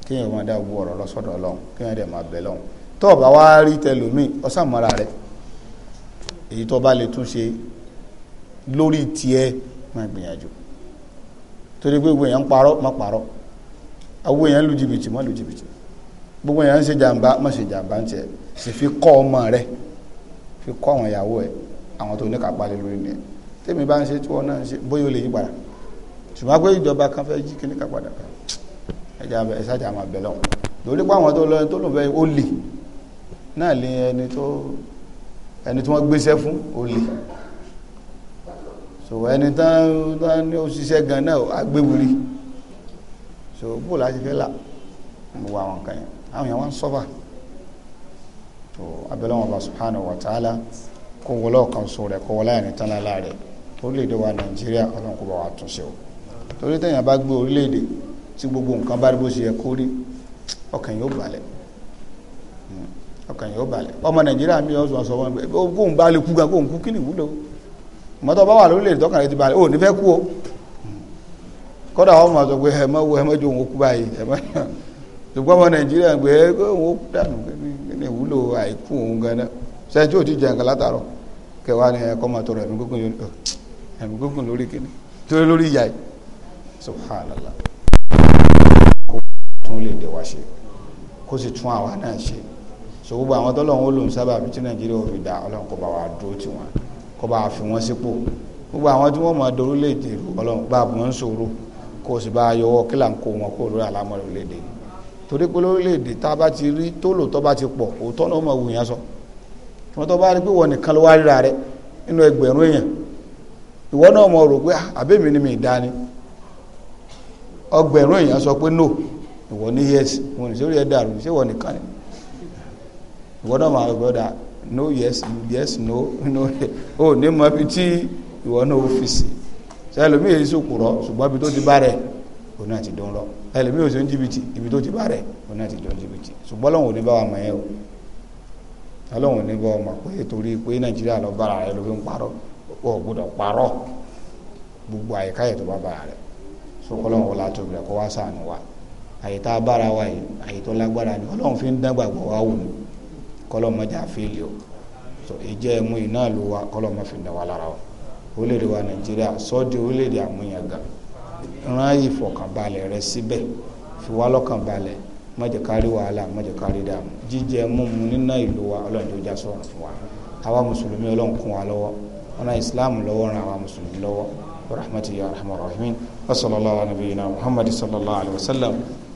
kéèyàn máa dá gbogbo ọ̀rọ̀ lọ sọ́dọ̀ ọlọ́run kéèyàn dẹ̀ máa bẹ̀ lọ́run tó o wá rí tẹlómi ọ̀sán mọ́ra rẹ̀ èyí tó bá lè tún ṣe lórí tiẹ̀ máa gbìyànjú torí pé gbogbo èèyàn ń parọ́ má parọ́ àwọn èèyàn lu jìbìtì má lu jìbìtì gbogbo èèyàn ń ṣe jàǹbá má ṣe jàǹbá ń tiẹ̀ sì fi kọ́ ọmọ rẹ fi kọ́ àwọn ìyàwó ẹ àwọn tó ní kápá lé lórí nìyẹn tèmi bá ń ṣe tí wọn náà ń ṣe bóyá o lè yí padà ṣùgbọ́n pé ìjọba kan fẹ́ yí kíní padà kan ẹja ẹ̀ṣájà máa bẹ̀ lọ́wọ́ torí pé àwọn tó lọ tó lò fẹ́ ó lè náà lé ẹni tó ẹni tí wọ́n gbéṣẹ́ fún olè so ẹni tán ní òṣìṣẹ́ gan náà agbéwìrì so bó láti fẹ́ là wọ àwọn kan yẹn àwọn èèyàn wọ́n ń sọ́fà so abẹ́lẹ́wọ̀n bá subhanahu wa ta'ala kó wọlé ọ̀kan so rẹ̀ kó wọlé ẹni tán lálá rẹ̀ orílẹ̀-èdè wa nàìjíríà ọlọ́run kó bá wa túnṣe o torí tẹ̀yìn bá gbé orílẹ̀-èdè tí gbogbo nǹkan bá rí bó ṣe yẹ kó rí ọkàn yóò balẹ̀ hmm ọkàn yóò balẹ̀ ọmọ nàìjíríà mi yóò sọ wọn pé kóun bá lè kú gan kóun kú kí ni ìwúlò mọ́tọ́ bá wà lórílẹ̀ tọ́kàn rẹ ti balẹ̀ o ní fẹ́ kú o kọ́dà wọn máa sọ pé ẹ mọ́ wo ẹ mọ́ ju òun kú báyìí ẹ mọ́ ṣùgbọ́n ọmọ nàìjíríà pé ẹ òun kú dànù kí ni ìwúlò àìkú òun gan náà sẹ́yìn tí ò ti jẹ nǹkan látàrọ kẹwàá ni ẹ̀kọ́ máa tọrọ ẹ̀mí gbógun ẹ̀mí gbógun lórí kíni torí lórí ìyá yìí subhanallah kó tún lè dé wá ṣe kó sì tún àwa náà ṣe so gbogbo àwọn tọ́lọ́run ó lòun sábà bí tí nàìjíríà ò fi dá ọlọ́run kó wa dúró tì wọ́n kó bá fi wọ́n sípò gbogbo àwọn tí wọ́n mọ̀ dorí lè dèrò ọlọ́run bá a mọ̀ ń sòro kó o sì bá a yọwọ́ kílà ń kó wọn kó lórí àlámọ́ orílẹ̀-èdè torí pé lórílẹ̀-èdè tá a bá ti rí tó lò tó bá ti pọ̀ òótọ́ náà mọ̀ wù yẹn sọ wọn tó bá rí pé wọn nìkan ló wá ríra rẹ nínú ẹgbẹ̀rún èèyàn ìwọ náà mọ̀ rò pé ah, àbẹ́mi ni mi ì dání ọgbẹ̀rún èèyàn sọ pé no ìwọ ní yẹsì wọn ò ní sórí ẹ̀ dàrú ṣé wọn nìkan ni gbọ́dọ̀ máa wọ gbọ́dọ̀ no yes yes no no o ní mọ ibi tí ìwọ náà ó fi sí ẹlòmíì èyí sòkùrọ ṣùgbọ́n ibi tó ti bá rẹ̀ òun náà ti dùn lọ ẹlòmíì ò ṣe jìbìtì ibi tó ti bá rẹ̀ òun náà ti dùn jìbìtì ṣùgbọ́n lọ́wọ́n ní bá wa mọ̀ yẹn o ọlọ́run ní bọ́ ọmọ pé torí pé nàìjíríà lọ bára rẹ ló fi ń parọ́ ó gbọ́dọ̀ parọ́ gbogbo àyíká yẹn tó bá bára rẹ sọkọlọ́run wọlé àtòbí rẹ kó wá ṣàánú wa àyè tá wa àyè fi ń dán gbàgbọ́ kọlọmọdé àfẹlẹ o so ìjẹ ẹmu iná ló wa kọlọmọ fi dá wa lára o orílẹ̀-èdè wa nàìjíríà sọ́ọ́dì orílẹ̀-èdè àmúyangàn rán ìfọ̀kànbalẹ̀ rẹ síbẹ̀ fi wá lọ́kànbalẹ̀ má jẹ́ ká rí wàhálà má jẹ́ ká rí dààmú jíjẹ múmu nínà ìlú wa ọlọ́run tó já sọ̀rọ̀ fún wa àwa mùsùlùmí ọlọ́run kún wa lọ́wọ́ ọ̀nà ìsìláàmù lọ́wọ́ ran àwa mùsùlùmí lọ́wọ́ rahmatulahi rahmatulahi wa sallallahu alayhi wa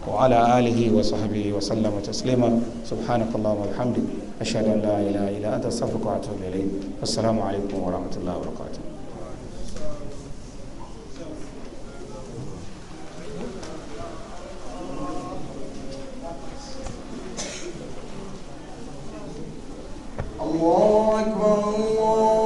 وعلى آله وصحبه وسلم تسليما سبحانك اللهم وبحمدك أشهد أن لا إله إلا أنت أستغفرك وأتوب إليك والسلام عليكم ورحمة الله وبركاته الله أكبر الله